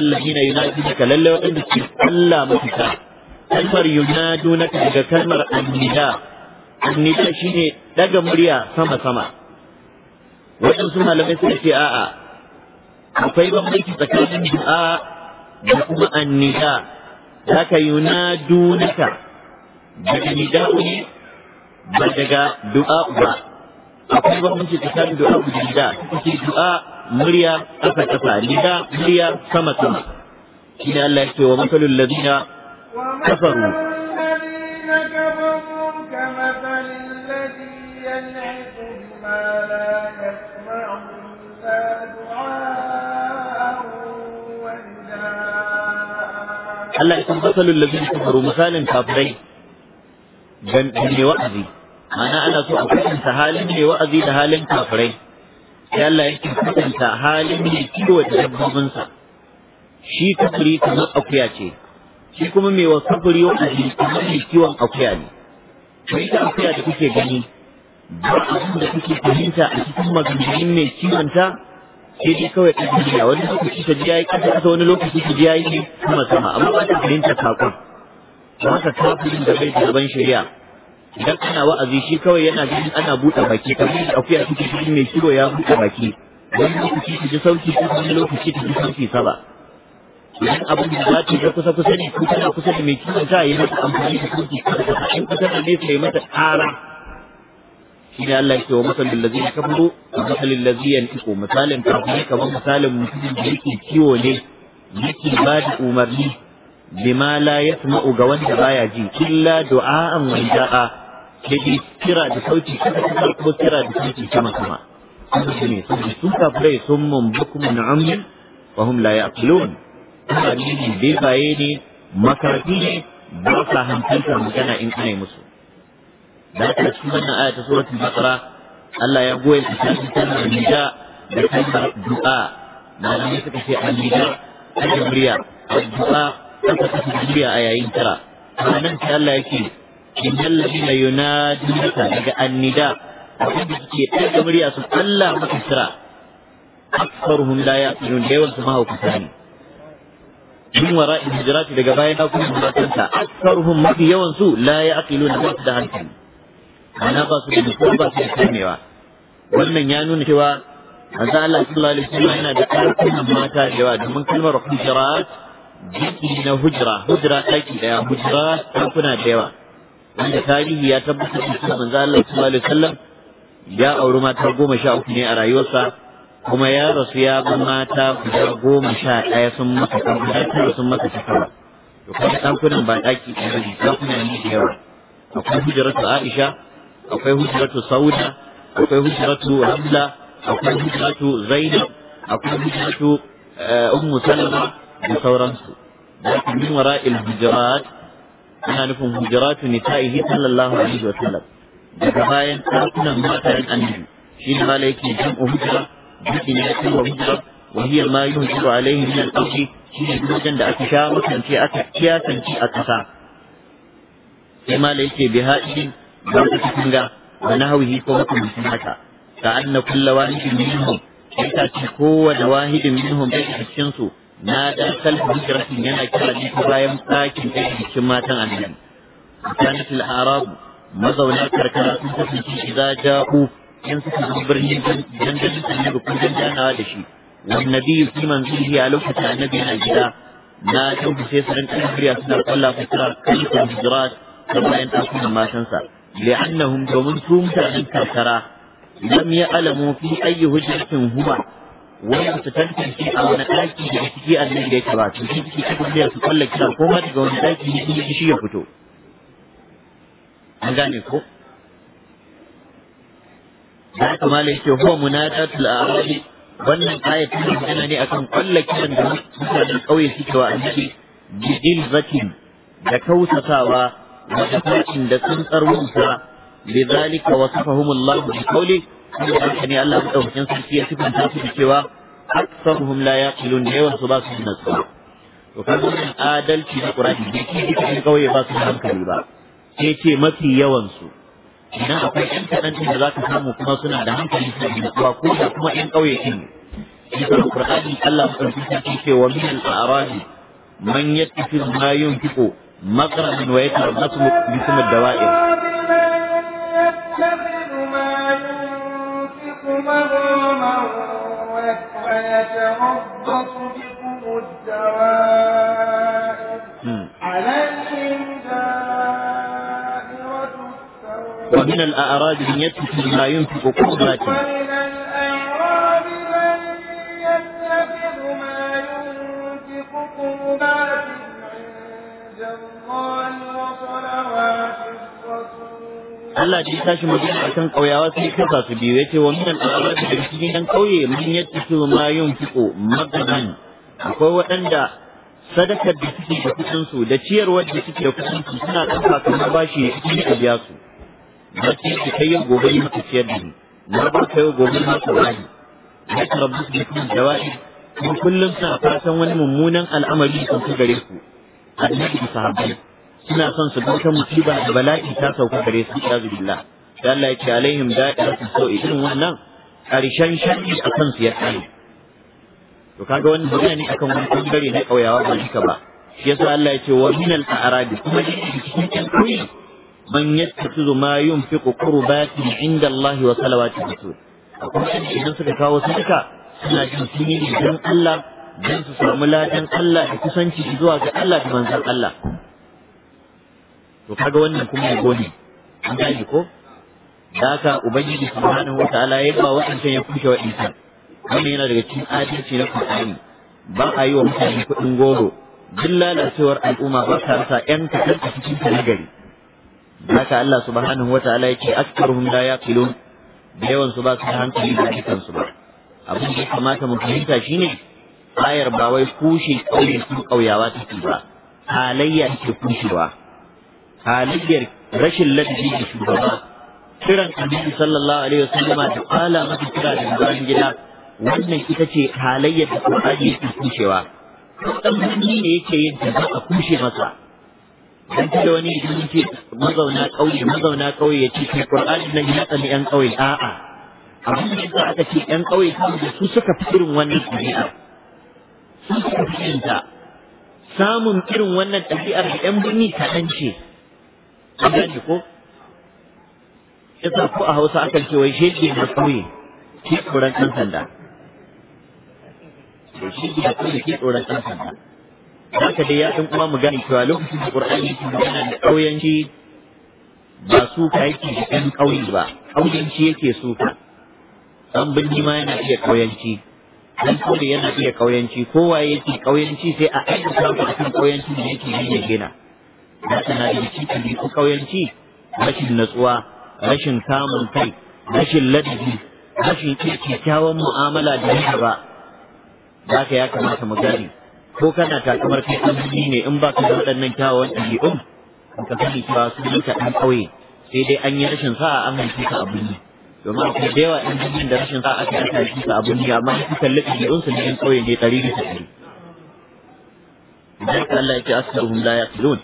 alladina yunadunaka lalle waɗanda ke Allah mafita kalmar yunadunaka daga kalmar annida annida ne daga murya sama sama waɗansu malamai suka ce a'a akwai bambanci tsakanin du'a da kuma annida haka yunadunaka daga nida'u ne ba daga du'a ba akwai ta sami du'a da nida kuke du'a murya ƙasa ƙasa nida murya sama sama ne Allah ya ce wa masalul ladina kafaru Allah ya san masalul ladina kafaru misalin kafirai dan ne wa'azi ma'ana ana so a kwatanta halin ne wa'azi da halin kafirai sai Allah yake kwatanta halin ne kiwo da dabbobinsa shi kafiri kamar akuya ce shi kuma mai wa kafiri wa'azi kamar mai kiwon akuya ne to ita akuya da kuke gani ba abin da kuke fahimta a cikin maganganun mai kiwonta sai dai kawai ka ji wani lokaci ta jiya yi ƙasa kasa wani lokaci ka ji yi sama sama amma ba ta fahimta kakon ba haka kafin da bai gaban shari'a idan ana wa'azi shi kawai yana ganin ana buɗe baki kamar yadda akuya suke shi mai shiro ya buɗe baki wani lokaci ta ji sauki ko wani lokaci ta ji sauki saba idan abin da za ta kusa kusa ne ko tana kusa da mai kiwon ta yi mata amfani da sauki ko ta in kusa da nesa yi mata ƙara shine Allah yake wa masalul ladzina kafaru masalul ladzina yantiqu misalin kafiri kamar misalin mutumin da yake kiwo ne yake ba da umarni bima la yasma'u ga wanda baya ji illa du'a'an wa da'a da kira da sauti kuma ko kira da sauti sama sama sun ne sun kafirai sun mun bukumun ummin wa hum la yaqilun mutane ne bebaye ne makarfi ne ba sa hankalta magana in ana musu da aka cikin wannan aya ta suratul baqara Allah ya goye ta cikin kalmar nida da kalmar du'a malamai suka ce al-nida ta murya al-du'a ta kasu murya a yayin kira nan sai Allah yake innal ladina yunadunaka daga an-nida abin da suke ta murya su Allah maka kira aksaruhum la yaqilun da yawan su ta ne min wara'i hijrati daga bayan na kuma aksaruhum mafi yawan su la yaqilun ba su da hankali ana ba su da nutsuwa ba su da kamewa wannan ya nuna cewa manzo Allah sallallahu alaihi wasallam yana da karfin mata da yawa domin kalmar hujurat jiki na hujra hujra daki daya hujra kuna da yawa wanda tarihi ya tabbatar da cewa manzo Allah sallallahu alaihi wasallam ya auri mata goma sha uku ne a rayuwarsa kuma ya rasu ya bar mata guda goma sha ɗaya sun masa guda tara sun masa shekara to kuma ɗakunan ba ɗaki ɗaya ne ɗakunan ne da yawa akwai hujjaratu Aisha akwai hujratu sauda akwai hujratu hamla akwai hujratu zainab akwai hujratu eh, ummu salama da sauransu lakin min wara'il hujrat ana nufin hujratu nisa'ihi sallallahu alaihi wa sallam daga bayan ɗakunan matayen annabi shi ne ma yake jam'u hujra duki ne yake wa hujra wa hiya ma yuhjiru alaihi min al-ardi shi ne wajen da aka sha mutunci aka kiyasance a kasa sai ma yake bi ha'idin don su ba na nahawi ko makamancin haka ka anna kulla wahidin minhum sai ka ci kowane wahidin minhum da cikin na da salfin jirafin yana kira ne ko bayan sakin a bikin matan annabi sanatul arab mazauna karkara sun kasance idan ja'u in suka birnin dan dan su ne ko dan da shi wani nabi fi manzilihi a lokacin annabi na gida na tabbace sai sun kira suna kallafa kira kai da jirat da bayan tasirin matansa li'annahum domin su mutanen karkara lam ya'lamu fi ayyi hujjatin huwa wani su tantance a wani ɗaki daga ciki annabi yake ba su ciki cikin su kalla kira ko ma daga wani ɗaki ne shi ya fito an gane wannan ayat tana magana ne akan kalla kiran da mutanen kauye suke wa annabi bi ilzatin da kausatawa matafaƙin da sun tsarwunsa bi zalika wa safahumullahu bi qawli kuma haka ne Allah madaukakin sarki ya sifanta su da cewa aksaruhum la yaqilun da yawan ba su da tsaro to kan wannan adalci na qur'ani da ke cikin ba su da hankali ba ke ce mafi yawan su idan akwai ƴan kaɗan da za ka samu kuma suna da hankali suna da kuma ƴan kauye ɗin cikin qur'ani Allah madaukakin sarki ke wa min al-a'rabi man yattifu ma yunfiqu مغرب ويتربص بكم الدوائر يتخذ ما ينفق مغرما ويتربص بكم الدوائر عليهم دائرة السوء ومن الأعراب من يتخذ ما ينفق قدرته ومن الأعراب من يتخذ ما ينفق قدرته Allah ya tashi mu a kan ƙauyawa sai kasa su biyu yace wa minan al'adar da cikin yan ƙauye mun yadda su ma yin fiko magadan akwai waɗanda sadakar da suke da kuɗin su da ciyarwar da suke da kuɗin su suna ɗauka kamar bashi ne cikin a biya su ba ce ki kai gobe ne ka ciyar da ni na ba ka yau gobe ne ka bani ya karabbu su da kuma jawabi kuma kullum suna fatan wani mummunan al'amari sun fi gare ku annabi da sahabbai suna son su ga musiba da bala'i ta sauka gare su ya zubillah da Allah ya ce alaihim da'iratu so irin wannan karshen shari'a a su ya tsare to kaga wani bayani ne akan wani bangare na kauyawa ba duka ba shi yasa Allah ya ce wa min al arabi kuma cikin yan kuyi man yattakhidhu ma yunfiqu qurbati inda Allah wa salawati rasul akwai idan suka kawo sadaka suna jin sun yi Allah don su samu ladan Allah da kusanci zuwa ga Allah da manzon Allah to kaga wannan kuma ya gode an gane ko da ubangiji subhanahu wataala ya ba wa'ancan ya kushe insa wannan yana daga cikin adalci na Qur'ani ba a yi wa mutane kuɗin goro duk lalacewar al'umma ba ta rasa ƴan kaɗan a cikin gari. Da ka Allah subhanahu wataala yake aktaruhum la yaqilun da yawan su ba su hankali da dukan ba abin da ya kamata mu fahimta shine ayar ba wai kushe kauye su kauyawa take ba halayya take kushewa halayyar rashin ladabi da shugaba kiran annabi sallallahu alaihi wasallam da kala masa kira da bayan gida wannan ita ce halayyar da Qur'ani ke kushewa dan mutum ne yake yin ta a kushe masa dan da wani idan yake mazauna kauye mazauna kauye ya ce Qur'ani nan ya tsani yan kauye a'a abin da aka ce yan kauye su suka fi irin wannan kuri'a su suka fi samun irin wannan ɗabi'ar da ‘yan birni kaɗan ce an gane ko yasa ko a hausa akan ce wai shege na ƙauye ke tsoron ɗan sanda to shege na ƙauye ke tsoron ɗan sanda ka dai ya ɗan kuma mu gane cewa lokacin da yi yake magana da ƙauyenci ba suka yake da ɗan ƙauye ba ƙauyenci yake suka ɗan birni ma yana iya ƙauyenci dan yana iya kauyanci waye yake kauyanci sai a aikata ku akan kauyanci da yake yi ya gina da na da cikin ku kauyanci rashin natsuwa rashin samun kai rashin ladabi rashin kyakkyawan mu'amala da yake ba za ka ya kamata mu gani ko kana takamar kai kamfani ne in ba ka da waɗannan kyawawan ɗabi'un ka sani cewa su ne ka ɗan ƙauye sai dai an yi rashin sa'a an hanci ka a ne domin akwai da yawa ɗan jirgin da rashin za a kai aka shi a duniya amma su kalli ɗabi'un da cikin ƙauye ne ɗari bisa ɗari idan Allah ya ce asaruhum la yaqilun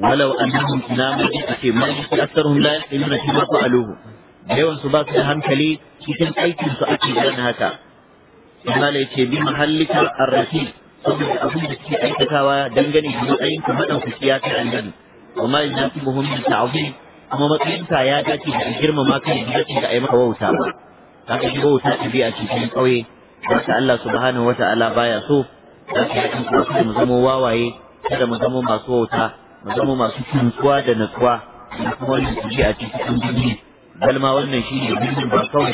walau annahum namu aka ce ma yake asaruhum la yaqiluna shi ma aluhu da yawan su ba su da hankali cikin aikin su ake irin haka Allah ya ce bi mahallika arrafi saboda abin da suke aikatawa dangane da matsayin ka maɗaukaki ya kai annabi وما يناسبهم من تعظيم amma matsayinka ya dace da a girmama kan da da a yi maka wauta ba ka shi wauta ɗabi'a ce cikin ƙauye wata Allah subhanahu wa ta'ala baya so da ka yi kada mu zama wawaye kada mu zama masu wauta mu zama masu tuntuwa da natsuwa da kuma wannan ɗabi'a a cikin birni bal ma wannan shi ne birnin ba kawai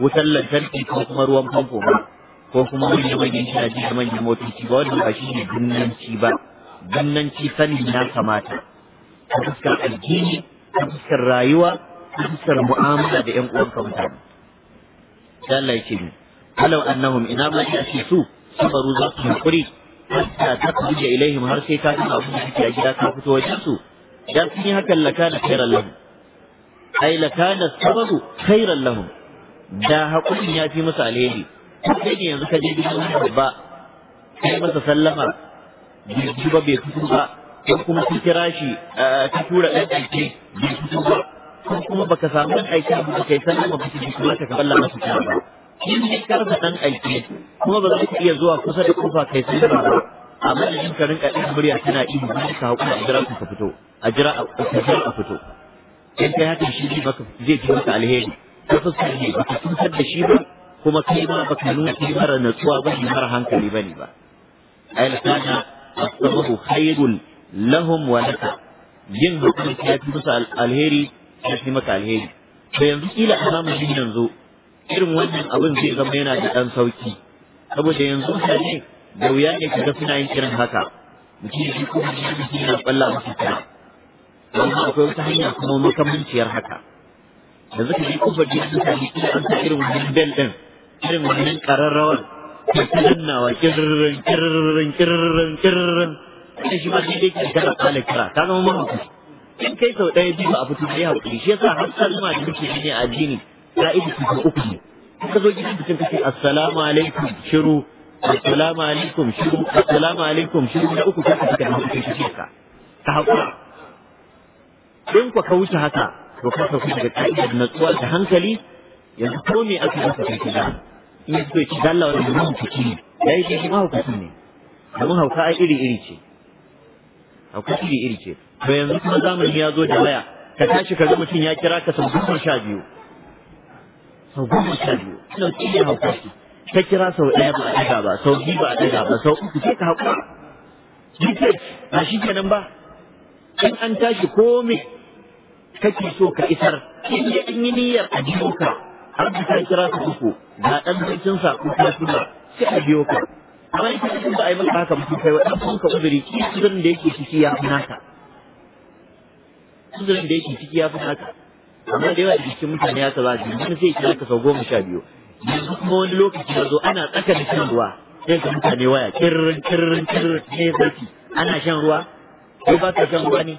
wutar lantarki ko kuma ruwan famfo ba ko kuma wani manyan manyan gidaje da manyan motoci ba wannan ba shi ne gunnanci ba gunnanci sani na kamata a fuskar addini ta fuskar rayuwa ta fuskar mu'amala da ƴan uwanka mutane sai Allah ya ce ni halau annahum ina ma ya ce su sabaru za su hakuri hatta ta kuje ilaihim har sai ka tuna abin da kake a gida ka fito wajen su idan sun yi hakan lakana khairan lahum ai lakana sabaru khairan lahum da hakurin ya fi masa alheri sai ne yanzu ka je gidan ba. Sai masa sallama bai ba bai fito ba in kuma kun kira shi ta eh, tura ɗan aiki bai fito ba ko kuma baka samu ɗan aiki ba kai sanar ba baka ji kuma ka kalla masa kira ba in ka karsa ɗan aiki kuma ba za ka iya zuwa kusa da kufa kai sanar ba a madadin ka rinka ɗin murya tana iya ba ka haƙura a jira ka fito a jira a fito in kai haka shi baka zai ji maka alheri ta fuskar ne baka cutar da shi ba kuma kai ma baka nuna kai mara natsuwa ba ne mara hankali ba ne ba ai lakana asabahu khairul lahum wa laka yin hakurin ya fi musu alheri ya fi maka alheri to yanzu kila a zamanin yanzu irin wannan abin zai zama yana da dan sauki saboda yanzu mutane da wuya ne kaga suna yin irin haka mutum shi ko shi yana balla masa kana amma akwai wata hanya kuma makamanciyar haka yanzu ka ji kofar gidan mutane kila an sa irin wannan bel din irin wannan kararrawar ta dannawa kirrin kirrin kirrin kirrin da shi ma sai dai ki kada kala kira ta zama mahaukaci in kai sau ɗaya biyu a fito sai haƙuri shi yasa har zuma da muke ne a addini ka'idu su uku ne ka zo gidan mutum kace assalamu alaikum shiru assalamu alaikum shiru assalamu alaikum shiru na uku kake kika da mutum shi ka ka haƙura in ku ka wuce haka to ka sauka daga ka'idar natsuwa da hankali yanzu ko me aka masa kai kida in ya ci dalla wani mutum ne yayi shi ma hukunci ne domin hauka ai iri iri ce akwai shi iri ce to yanzu kuma zamani ya zo da waya ka tashi ka ga mutum ya kira ka sau goma sha biyu sau goma sha biyu ɗauki ne haukashi ka kira sau ɗaya ba a ɗaga ba sau biyu ba a ɗaga ba sau uku sai ka haƙura duk ba shi kenan ba in an tashi komai kake so ka isar in ya an yi niyyar a biyo ka har ka kira ka uku ga ɗan sarkin sa ta suna, sai a biyo ka amma ita da ba a yi maka haka ba kai wa ɗan ka uzuri ki uzurin da yake ciki ya fi naka uzurin da yake ciki ya fi naka amma da yawa da cikin mutane ya saba ji wani zai kira ka sau goma sha biyu yanzu kuma wani lokaci ya zo ana tsaka da shan ruwa sai ka mutane waya kirrin kirrin kirrin ne zaki ana shan ruwa ko ba ka shan ruwa ne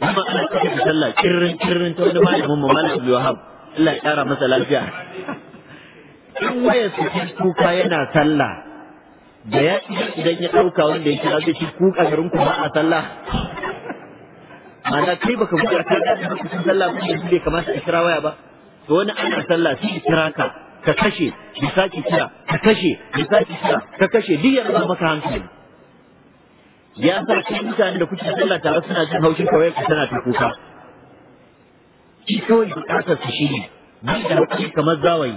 kuma ana tsaka da sallah kirrin kirrin ta wani malamin mu malam Abdul Wahab Allah ya kara masa lafiya in wayar su ta kuka yana sallah da ya idan ya ɗauka wanda ya kira zai ci kuka garin kuma a sallah ma'ana kai baka buɗe ka da cikin sallah ba suke bai kamata a kira waya ba to wani ana sallah sai kira ka ka kashe ya saki kira ka kashe ya saki kira ka kashe duk yanzu maka hankali ya sa kai mutane da kuke sallah tare suna jin haushin kawai ku tana ta kuka shi kawai bukatar su shi ne ni da kamar zawayi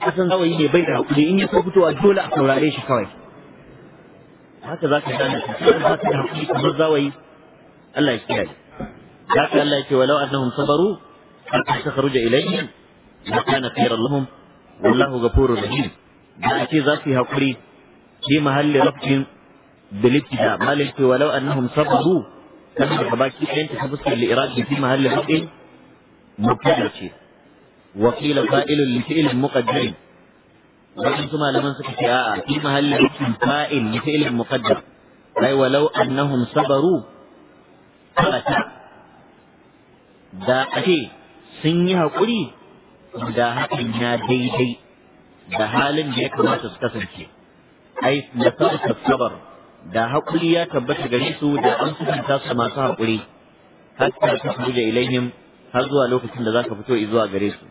kasan zawayi ne bai da hakuri in ya so fitowa dole a saurare shi kawai haka za ka gane shi ba ka da hakuri kamar zawayi Allah ya kiyaye haka Allah ya ce walau annahum sabaru hatta takhruja ilayhim la kana khayran lahum wallahu ghafurur rahim da ake za su yi hakuri fi mahalli rabbin بالابتداء ما لك ولو انهم صبروا كما حباكي انت حبس الاراد في محل حق مبتدأ wa qila fa'ilun li fi'lin muqaddar malaman suka ce a'a fi mahallin fa'il li fi'lin muqaddar ai walau annahum sabaru fata sun yi haƙuri da hakan ya daidai da halin da ya kamata su kasance ai da sabata sabar da haƙuri ya tabbata gare su da an kusanta su masu haƙuri hatta ta da ilaihim har zuwa lokacin da za ka fito zuwa gare su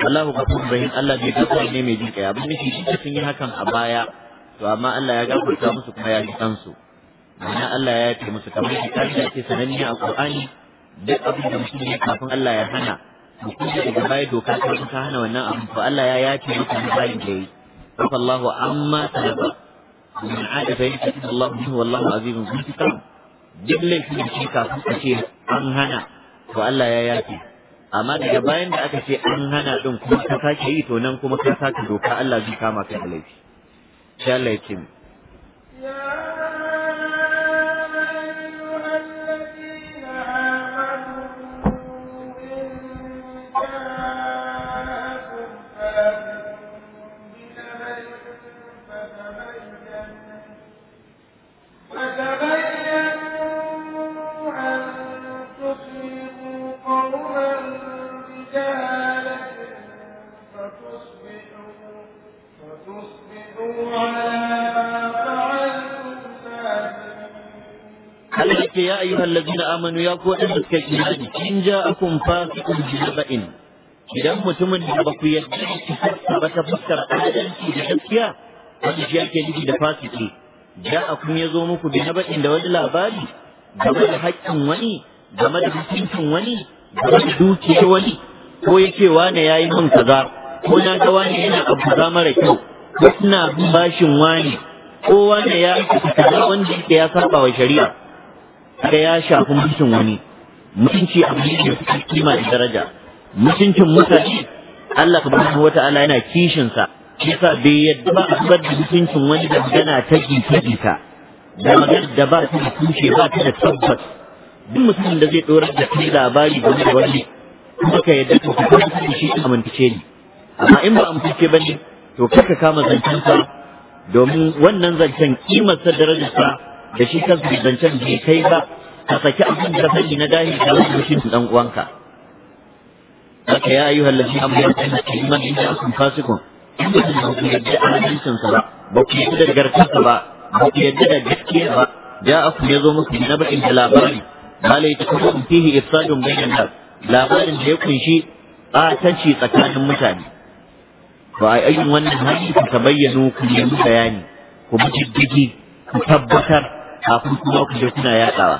Allah ghafurur rahim Allah bai gafara ne mai jinkai abin nufi shi sun yi hakan a baya to amma Allah ya gafarta musu kuma ya ji kansu ma'ana Allah ya ce musu kamar shi kan da ke sananniya a Qur'ani duk abin da mutum ya kafin Allah ya hana mutum da daga baya doka ta ta hana wannan abin to Allah ya yafe musu misalin da yi kafa Allahu amma talaba min ada fa yake Allah minhu wallahu azizun fi duk laifin da shi kafin a ce an hana to Allah ya yafe amma daga bayan da aka ce an hana ɗin kuma ka sake yi to nan kuma ka sake doka Allah zai kama ka da laifi insha Allah ce ya ayyuhal ladina amanu ya ku wadanda suka yi imani in ja'akum fasiqun binaba'in idan mutumin da ba ku yarda da shi ba ta fuskar adalci da gaskiya wanda shi ake nufi da fasiki ja'akum ya zo muku binaba'in da wani labari game da haƙƙin wani game da mutuncin wani game da dukiyar wani ko ya ce wane ya yi min kaza ko na ga yana abu kaza mara kyau ko ina bashin wani. ko wane ya kaza wanda yake ya saba wa shari'a kaga ya shafi mutuncin wani mutunci abu ne da kima da daraja mutuncin mutane Allah subhanahu wata'ala yana kishin sa yasa bai yadda ba a zubar da mutuncin wani da magana ta jita jita da magana da ba ta da ba ta da tabbas duk mutumin da zai dora da kai labari game da wani kuma ka yadda ka da shi amintace ne amma in ba amintace ba ne to kaka kama zancen sa domin wannan zancen kimarsa darajarsa da shi kansa zancen bai kai ba ka saki abin da sani na dahi da wani shi dan uwanka haka ya ayyuha allazi amanu inna kaliman inda akum fasikun in ba ku yadda abincin sa ba ba ku yadda da garkarsa ba ba ku yadda da gaskiya ba ja'akum yazo muku na bakin da labari ma la yatakum fihi ifsadun bainan nas labarin da ya kunshi ɓatanci tsakanin mutane ba a ayyun wannan hali ku tabayyano ku nemi bayani ku bi diddigi ku tabbatar kafin kuma ku je kuna yaɗawa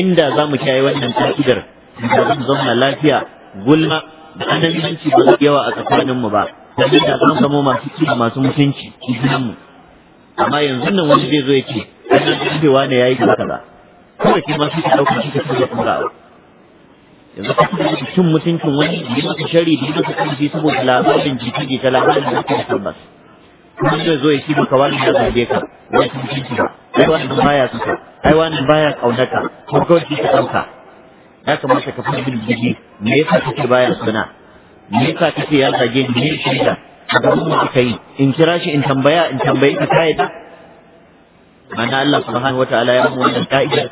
inda za mu kiyaye wannan ka'idar inda za mu zauna lafiya gulma da annabiyanci ba zai yawa a tsakaninmu ba sannan da za mu zama masu da masu mutunci mu amma yanzu nan wani zai zo ya ce annabi ne wani yayi kaza kuma ke ma suke ɗaukar shi ta kuma ba, yanzu ka kuma cin mutuncin wani da yi masa shari da yi masa ƙarfi saboda labarin jita ta labarin da ake tabbas wani zai zo ya shi maka wani ya zage ka wani sun ci ci ai wani ya suka ai wani kauna ka ko ko shi ka dauka ya kamata ka fara bin jiki me yasa kake baya suna me yasa kake ya zage ni ne shi da ga mun aka yi in kira shi in tambaya in tambayi ka kai da mana Allah subhanahu wataala ya mu wannan ka'ida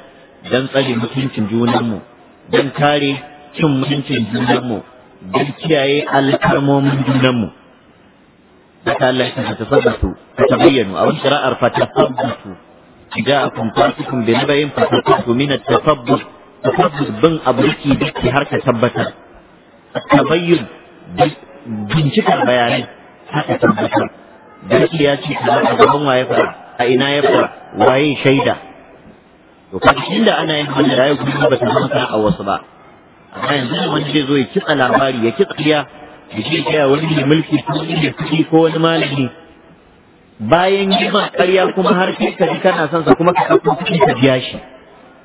dan tsare mutuncin junan mu dan kare cin mutuncin junan mu dan kiyaye alkalmomin junan mu مثلا ان تصبتوا فتبينوا او انشرائر فتصبتوا جاءكم قاتكم بنبأ فتصبتوا من التصبت تصبت بن ابريكي بك هركة تبتا التبين بن شكر بياني هكا تبتا بك ياتي حلقة بهم ويفرع اينا يفرع وهي شيدة وكان انا يهمنا لا يكون بس همتا او صباح انا يهمنا من جزوي كتا لعباري كتا shi ya wani mai mulki ko kuɗi ko wani malami bayan yi ma ƙarya kuma har sai ka ji kana son sa kuma ka ɗauko kuɗi ka biya shi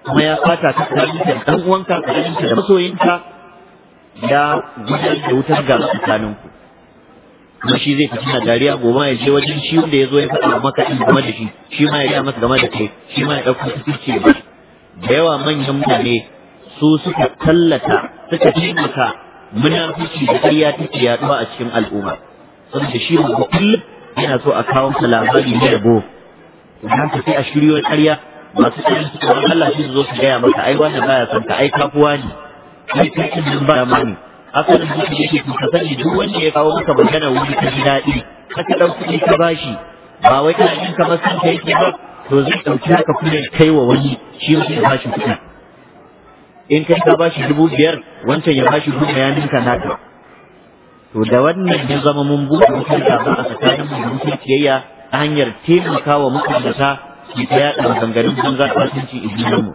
kuma ya fata ka dan da ɗan uwanka tsakanin da masoyinka ya gudanar da wutar ga ku. kuma shi zai fita na dariya goma ya je wajen shi wanda ya zo ya faɗa maka in game da shi shi ma ya ga masa game da kai shi ma ya ɗauko kuɗi da yawa manyan mutane su suka tallata suka taimaka munafici da ƙarya take yaduwa a cikin al'umma saboda shi mu kullum yana so a kawo masa labari na yabo idan ka sai a shiryo ƙarya masu ƙarya su kamar Allah shi zo su gaya maka ai wannan baya son ka ai kafuwa ne kai kai kin ba ma ne asalin duk yake ka sani duk wanda ya kawo maka magana wuri ta ji daɗi ka ka ɗauki kuɗi ka bashi ba wai kana jin kamar sun kai ba to zai ɗauki haka kuma kai wa wani shi ya bashi kuɗi in kai ka bashi dubu biyar wancan ya bashi dubu ya ninka naka to da wannan ya zama mun buɗe wutar ba a tsakanin mu da mutum kiyayya ta hanyar taimakawa sa ki ta yaɗa maganganun banza ci ijinan mu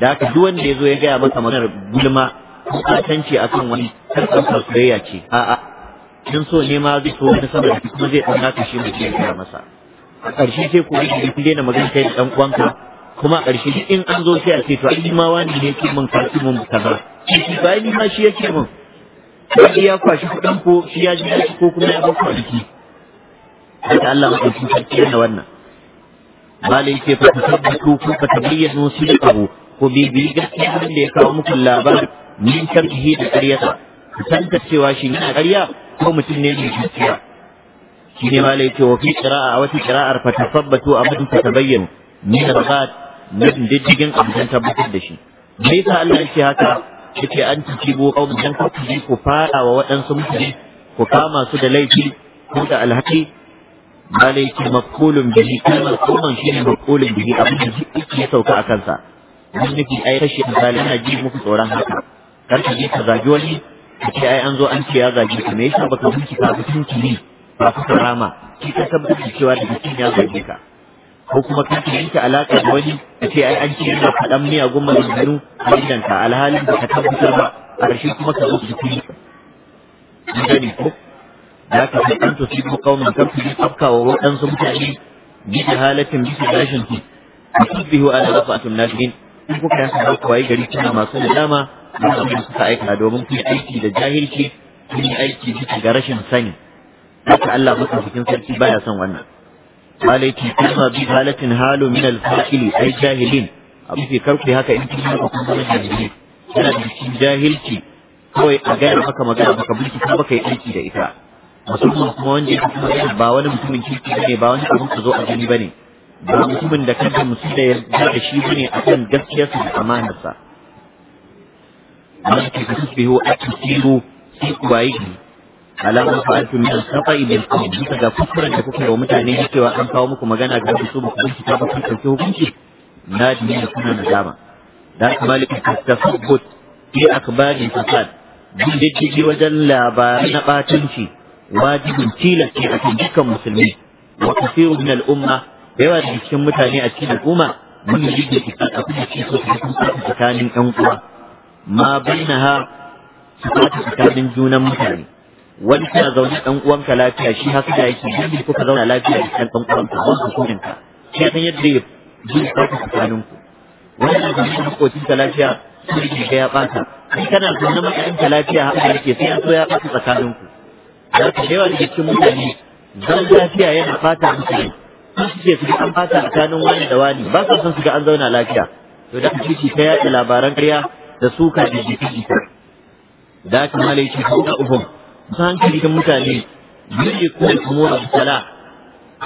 da haka duk wanda ya zo ya gaya maka maganar gulma ko a akan wani kar ɗaukar soyayya ce a'a in so ne ma zai so wani sama kuma zai ɗan naka shi mutum ya masa a ƙarshe sai ku yi kun daina magana kai da ɗan uwanka kuma a ƙarshe duk in an zo sai a ce to ai ma wani ne yake min kasu mun kaza shi ba ni ma shi yake min ba ya kwashi kuɗin ko shi ya ji shi ko kuma ya ba ku jiki haka Allah ma ɗauki sarki yana wannan Ba malai ce fa tasabbatu ko su da abu ko bi bi gaskiya abin da ya kawo muku labarin min tarkihi da ƙaryata ku tanta cewa shi yana ƙarya ko mutum ne mai gaskiya shi ne malai ce wa fi qira'a wa fi qira'ar fa tasabbatu abin fa tabayyanu min al na diddigin abin tabbatar da shi me yasa Allah yake haka yake an tusibo qaumin dan ku ji fara wa waɗansu mutane ku kama su da laifi ko da alhaki malai ki maqulun bihi kalmar qauman shine maqulun bihi abin da yake sauka a kansa dan nake ai kashi misali ina ji muku tsoron haka kar ka ji ka zagi wani ce ai an zo an ce ya zagi ka me yasa baka hukunci ka hukunci ne ba ka rama ki ka tabbatar cewa da mutum ya zage ka ko kuma ka yanke alaƙa da wani da ce ai an ce yana faɗan miya a gumma da zanu a gidanka alhalin da ka tabbatar ba a ƙarshe kuma ka zo da kuɗi mun gani ko za ka fi an tosi ko kaumin kan fi afka wa waɗansu mutane bi jahalatin bisa rashin su a ala rafa'atun nasirin in kuka yasa za ku gari kuna masu nadama da abin suka aika domin kun aiki da jahilci kun yi aiki bisa ga rashin sani haka Allah masafikin sarki baya son wannan malaki kuma bi halatin halu min al-fa'ili ay jahilin abu ke karku haka in kun ku zama jahili yana da cikin jahilci kawai a gaya maka magana baka bulki ka baka yi aiki da ita musamman kuma wanda ya kuma ba wani mutumin kirki ne ba wani abin ka zo a gani bane ba mutumin da kanta mutum da yarda da shi bane a kan gaskiyarsa da amanarsa malaki ka tusbihu atisiru sai ku bayi alama fa'altu min al-khata'i bil qawl bisa ga kuskuren da kuka yi wa mutane da cewa an kawo muku magana ga su ba ku ta ba ku dauki hukunci na dinin kuna nadama da kamalik tasabbut fi akbari fasad bin diddigi wajen labarai na batunci wajibin tilasti a kan dukkan musulmi wa kasiru min al-umma da yawa da cikin mutane a cikin al'umma mun yi da kisa a kuma ci tsakanin yan uwa ma su tsakanin junan mutane wani kana zaune dan uwanka lafiya shi haka da yake duk kuka zauna lafiya da kan dan uwanka ba ka sai san yadda ya ji ka ku tsakanin ku wani da kuma makocin lafiya sai ki ga ya bata kai kana zaune makarin ka lafiya haka yake sai ya so ya bata tsakanin ku da ka da cikin mutane Zan lafiya yana fata musu ne su ce su an fata tsakanin wani da wani ba su san su ga an zauna lafiya to da ka ci ta labaran ƙarya da suka da jiki da kuma ka ko da uhum hankali da mutane yuri kuma umura bisala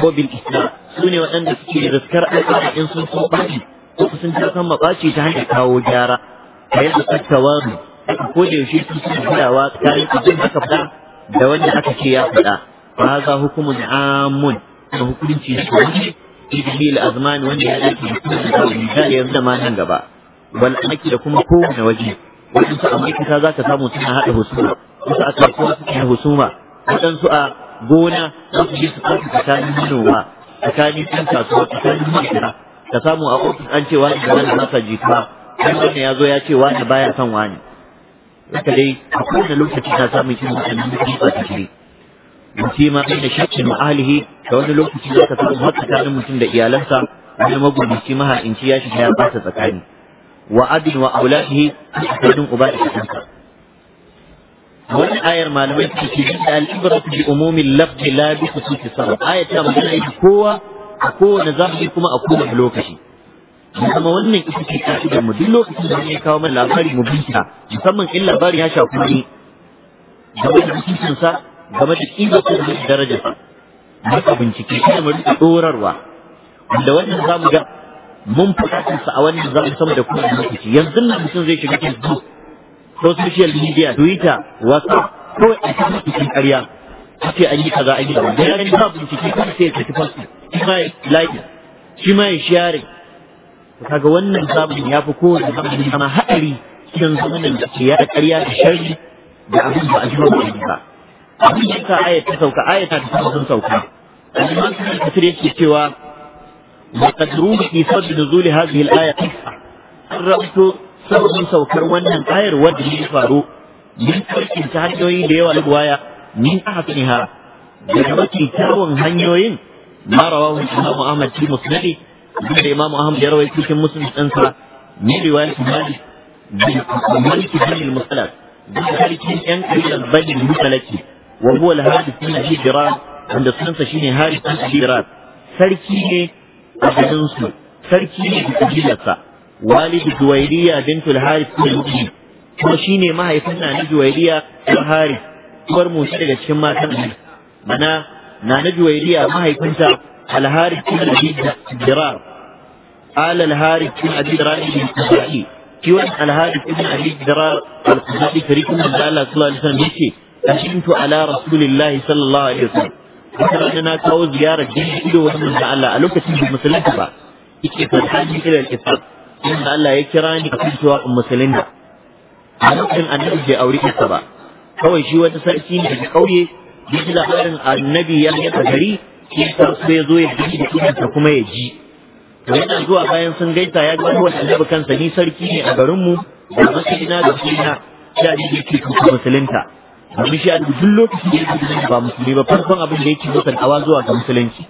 ko bil islam su ne waɗanda suke da zaskar al'ada in sun so ɓaci ko sun ta kan maɓaci ta hanyar kawo gyara a yadda tattawa mu ko da yaushe su suna gudawa tsakanin abin aka faɗa da wanda aka ce ya faɗa ba za hukumun amun da hukunci su wani ijibil wanda ya dace da misali yanzu da ma nan gaba wal da kuma kowane waje wajen su amurka za ka samu suna haɗa husuma wasu a kasuwa suke husuma waɗansu a gona za su je su kasu tsakanin manoma tsakanin ɗan kasuwa tsakanin ma'aikata ka samu a ofis an ce wani da wani ba sa jituwa kai wannan ya zo ya ce wani baya son wani haka dai a kowane lokaci na samun irin waɗannan mutane ba ta shiri mutum ma bai da shakkin ma'alihi da wani lokaci za ka samu haka tsakanin mutum da iyalansa wani magudanci maha'inci ya shiga ya ɓata tsakani wa abin wa auladihi a tsakanin uba da ɗansa wani ayar malamai suka ce duk al'ibratu bi umumin lafzi la bi khususi sabab ayar ta magana ita kowa a kowane zamani kuma a kowane lokaci kuma wannan ita ce ka'idar mu duk lokacin da ya kawo mana labari mu binta musamman in labarin ya shafi ni game da hukuncinsa game da kila ko da darajarsa muka bincike kada mu rika tsorarwa. wanda wannan za mu ga mun sa, a wannan zamu sama da kuma lokaci yanzu nan mutum zai shiga cikin ko social media twitter whatsapp kawai a cikin cikin ƙarya a ce an yi kaza an yi kaza da yaran ba bincike kan sai ta tafi shi ma ya like shi ma ya share kaga wannan zamanin ya fi kowane zamanin zama haɗari cikin zamanin da ke yaɗa ƙarya da sharri da abin ba a ji ba ba abin da ka ayat ta sauka ayat ta sauka sun sauka amma kan kasir yake cewa wa qadruhu fi sabbi nuzuli hadhihi al-aya an rabtu sababin saukar wannan ayar wadda ya faru min farkin ta hanyoyi da yawa na buwaya min ahsaniha daga mafi kyawun hanyoyin ma rawahu imamu ahmad fi musnadi da imamu ahmad ya rawaito cikin musnad ɗinsa min riwayat malik bin malik bin al-musalat da sarkin yan kabilan bani musalaki wa huwa al-hadith min al-hijran wanda sunansa shine hadith al-hijran sarki ne a garin su sarki ne a kabilarsa walidi juwairiya bintul harith bin mu'min kuma shine mahaifin na juwairiya bin harith uwar musa daga cikin matan annabi mana na na juwairiya mahaifinta al bin abi dirar al al bin abi dirar bin kusa'i kiwon al harith bin abi dirar al kusa'i da Allah sallallahu alaihi wasallam yake ashintu ala rasulillahi sallallahu alaihi wasallam wata rana na kawo ziyarar jin ido wani manzo Allah a lokacin da musulunta ba yake fatahi ilal islam inda Allah ya kira ni kan cewa musulunta a lokacin annabi bai aure isa ba kawai shi wata sarki ne da kauye labarin annabi ya yi gari shi sarki ya zo ya ji da ta kuma ya ji to yana zuwa bayan sun gaita ya ga wata annabi kansa ni sarki ne a garinmu da masallina da kudina da ji ke kuka musulunta domin shi a duk lokacin da yake ba musulmi ba farkon abin da ya yake mutan awa zuwa ga musulunci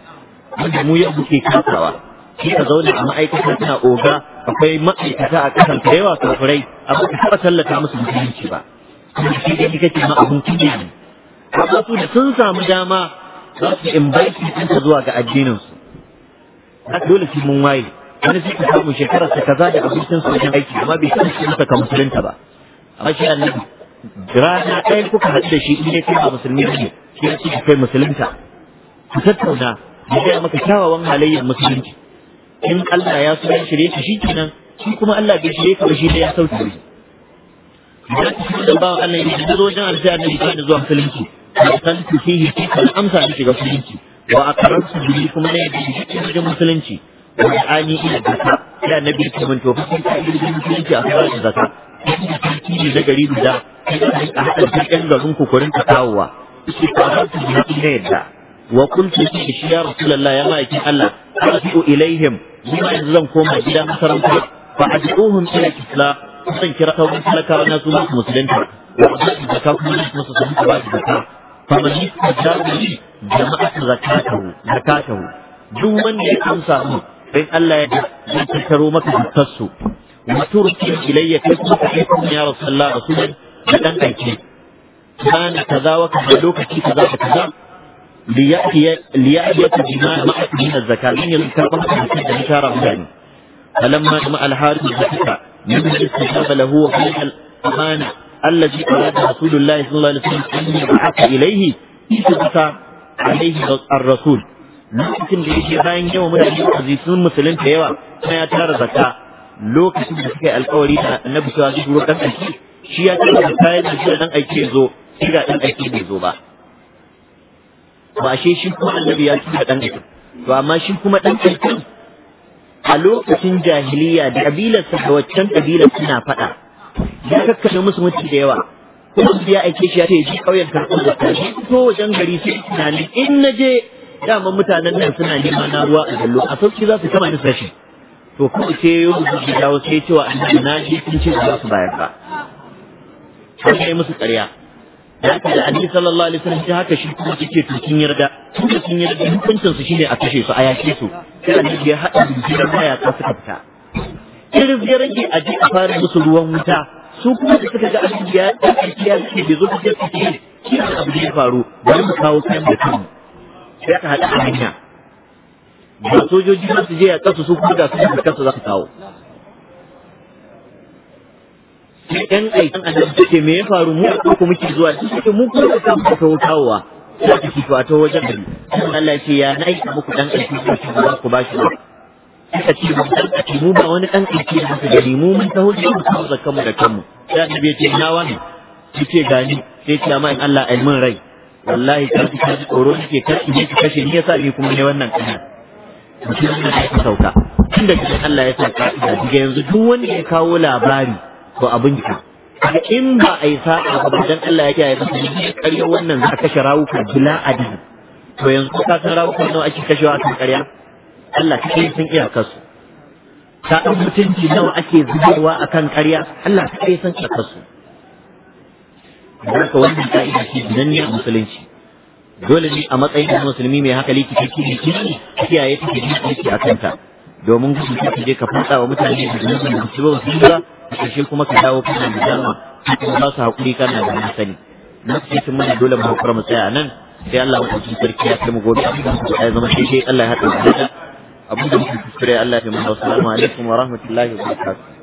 wanda mu yau muke kasawa shi ka zaune a ma'aikata tana oga akwai ma'aikata a kasan da yawa kafirai abu ka taɓa tallata musu musulunci ba Kuma shi da kake ma abun kunya ne amma su da sun samu dama za su sun ta zuwa ga addinin su a dole su mun waye wani sai ka samu shekarar sa kaza da abincin su wajen aiki amma bai san shi ka musulunta ba amma shi annabi rana ɗaya kuka haɗu da shi in ya kai ba musulmi ne shi ya ce kai musulunta ku tattauna ya gaya maka kyawawan halayyar musulunci in Allah ya so ya shirye shi shikenan shi kuma Allah bai shirye ka ba shi da ya sauke shi idan ka da ba Allah ya zo wajen alfiya da ka da zuwa musulunci ka san ki fihi ka amsa da shiga musulunci wa aqrantu bihi kuma ne da shi wajen musulunci wa ani ila da ila nabi kuma to fa ka da musulunci a kan zakka ki da gari da ka hada cikin garin kukurin kurin ka kawowa shi ka hada ne da وكل شيء يا رسول الله يا الله يا الله ارجو اليهم بما يزن كوما الى مسرمك فادعوهم الى الاسلام وان كرهوا من سلك الناس مسلمك وقد ذكرت من نصوص الحديث بعد ذكر فمن يستجاب لي جمعت زكاته زكاته جوا يكون سامي بين الله يجعل من تشروا مكة التسو وترسل الي كيف يا رسول الله رسول بدن ايتي كان كذا وكذا وكذا وكذا ليأتي ليأتي بما معك من الزكاة لن يذكرها حتى أشار الغنم فلما جمع الحارث الزكاة من استجاب له عليها الأمانة الذي أراد رسول الله صلى الله عليه وسلم أن يبعث إليه التفت عليه الرسول لكن ليش باين يوم من الأيام عزيزون مسلم كيوا ما يتار زكاة لو كسب زكاة القوري النبي صلى الله عليه وسلم شيئا كان زكاة أن أيكي زو شيئا أن أيكي زو ba shi shi kuma annabi ya tura dan aikin to amma shi kuma dan aikin a lokacin jahiliya da kabilarsa da waccan kabilar suna faɗa ya kakkashe musu mutu da yawa kuma su ya aike shi ya ce ji ƙauyen karɓar da ta shi to wajen gari na tunani in na je dama mutanen nan suna nema na ruwa a gallo a sauki za su kama ni sashi to kuma ce yau da su dawo sai cewa annabi na ji kun ce za su bayar ba. Sai musu ƙarya. da haka da annabi sallallahu alaihi wasallam shi haka shi kuma yake to kin yarda tun da kin yarda hukuncin su shine a kashe su a yashe su sai annabi ya haɗa da jira baya ka suka fita irin ziyaran ke aje a fara musu ruwan wuta su kuma da suka ga annabi ya ya ce bai zo da shi shi abu da ya faru bari mu kawo kan da kan sai aka haɗa a hanya ba sojoji ba su je a kasu su kuma da su kasu za su kawo yan aikin annabi suke me ya faru mu ko muke zuwa suke mu ko da kan ta kawowa ta ki to a ta wajen gari Allah ce ya nai muku dan aiki ku ba ku ba shi aka ce mu dan aiki mu ba wani dan aiki da muka gari mu mun taho shi mu kawo da kanmu da kanmu ya annabi ce na wani kike gani sai ce ma in Allah ai mun rai wallahi kar ki kaji tsoro kike kar ki ki kashe ni yasa ni kuma ne wannan kana mutum ne ya sauka tun da Allah ya sa ina daga yanzu duk wanda ya kawo labari to abin ki in ba a yi sa'a ba dan Allah ya kiyaye ka ƙarya wannan za ka kashe rawuka bila adadin to yanzu ka san rawuka nawa ake kashewa a kan ƙarya Allah kai sun iya kasu ta ɗan mutunci nawa ake zubewa a kan ƙarya Allah ta kai san ƙarfa su ka wannan ka'ida ce binan ne a musulunci dole ne a matsayin musulmi mai haka likita kiri kiri kiyaye take jiki a ta. domin gudun ka je ka fada wa mutane da zunubin da su ba su ba kuma ka dawo kana da dama kuma ba su hakuri kana da na sani na ce sun mana dole mu hakura mu tsaya nan sai Allah mu ɗauki sarki ya kai mu gobe ya zama shi sai Allah ya haɗa mu da abin da muke kuskure Allah ya mana wassalamu alaikum wa rahmatullahi wa barakatuh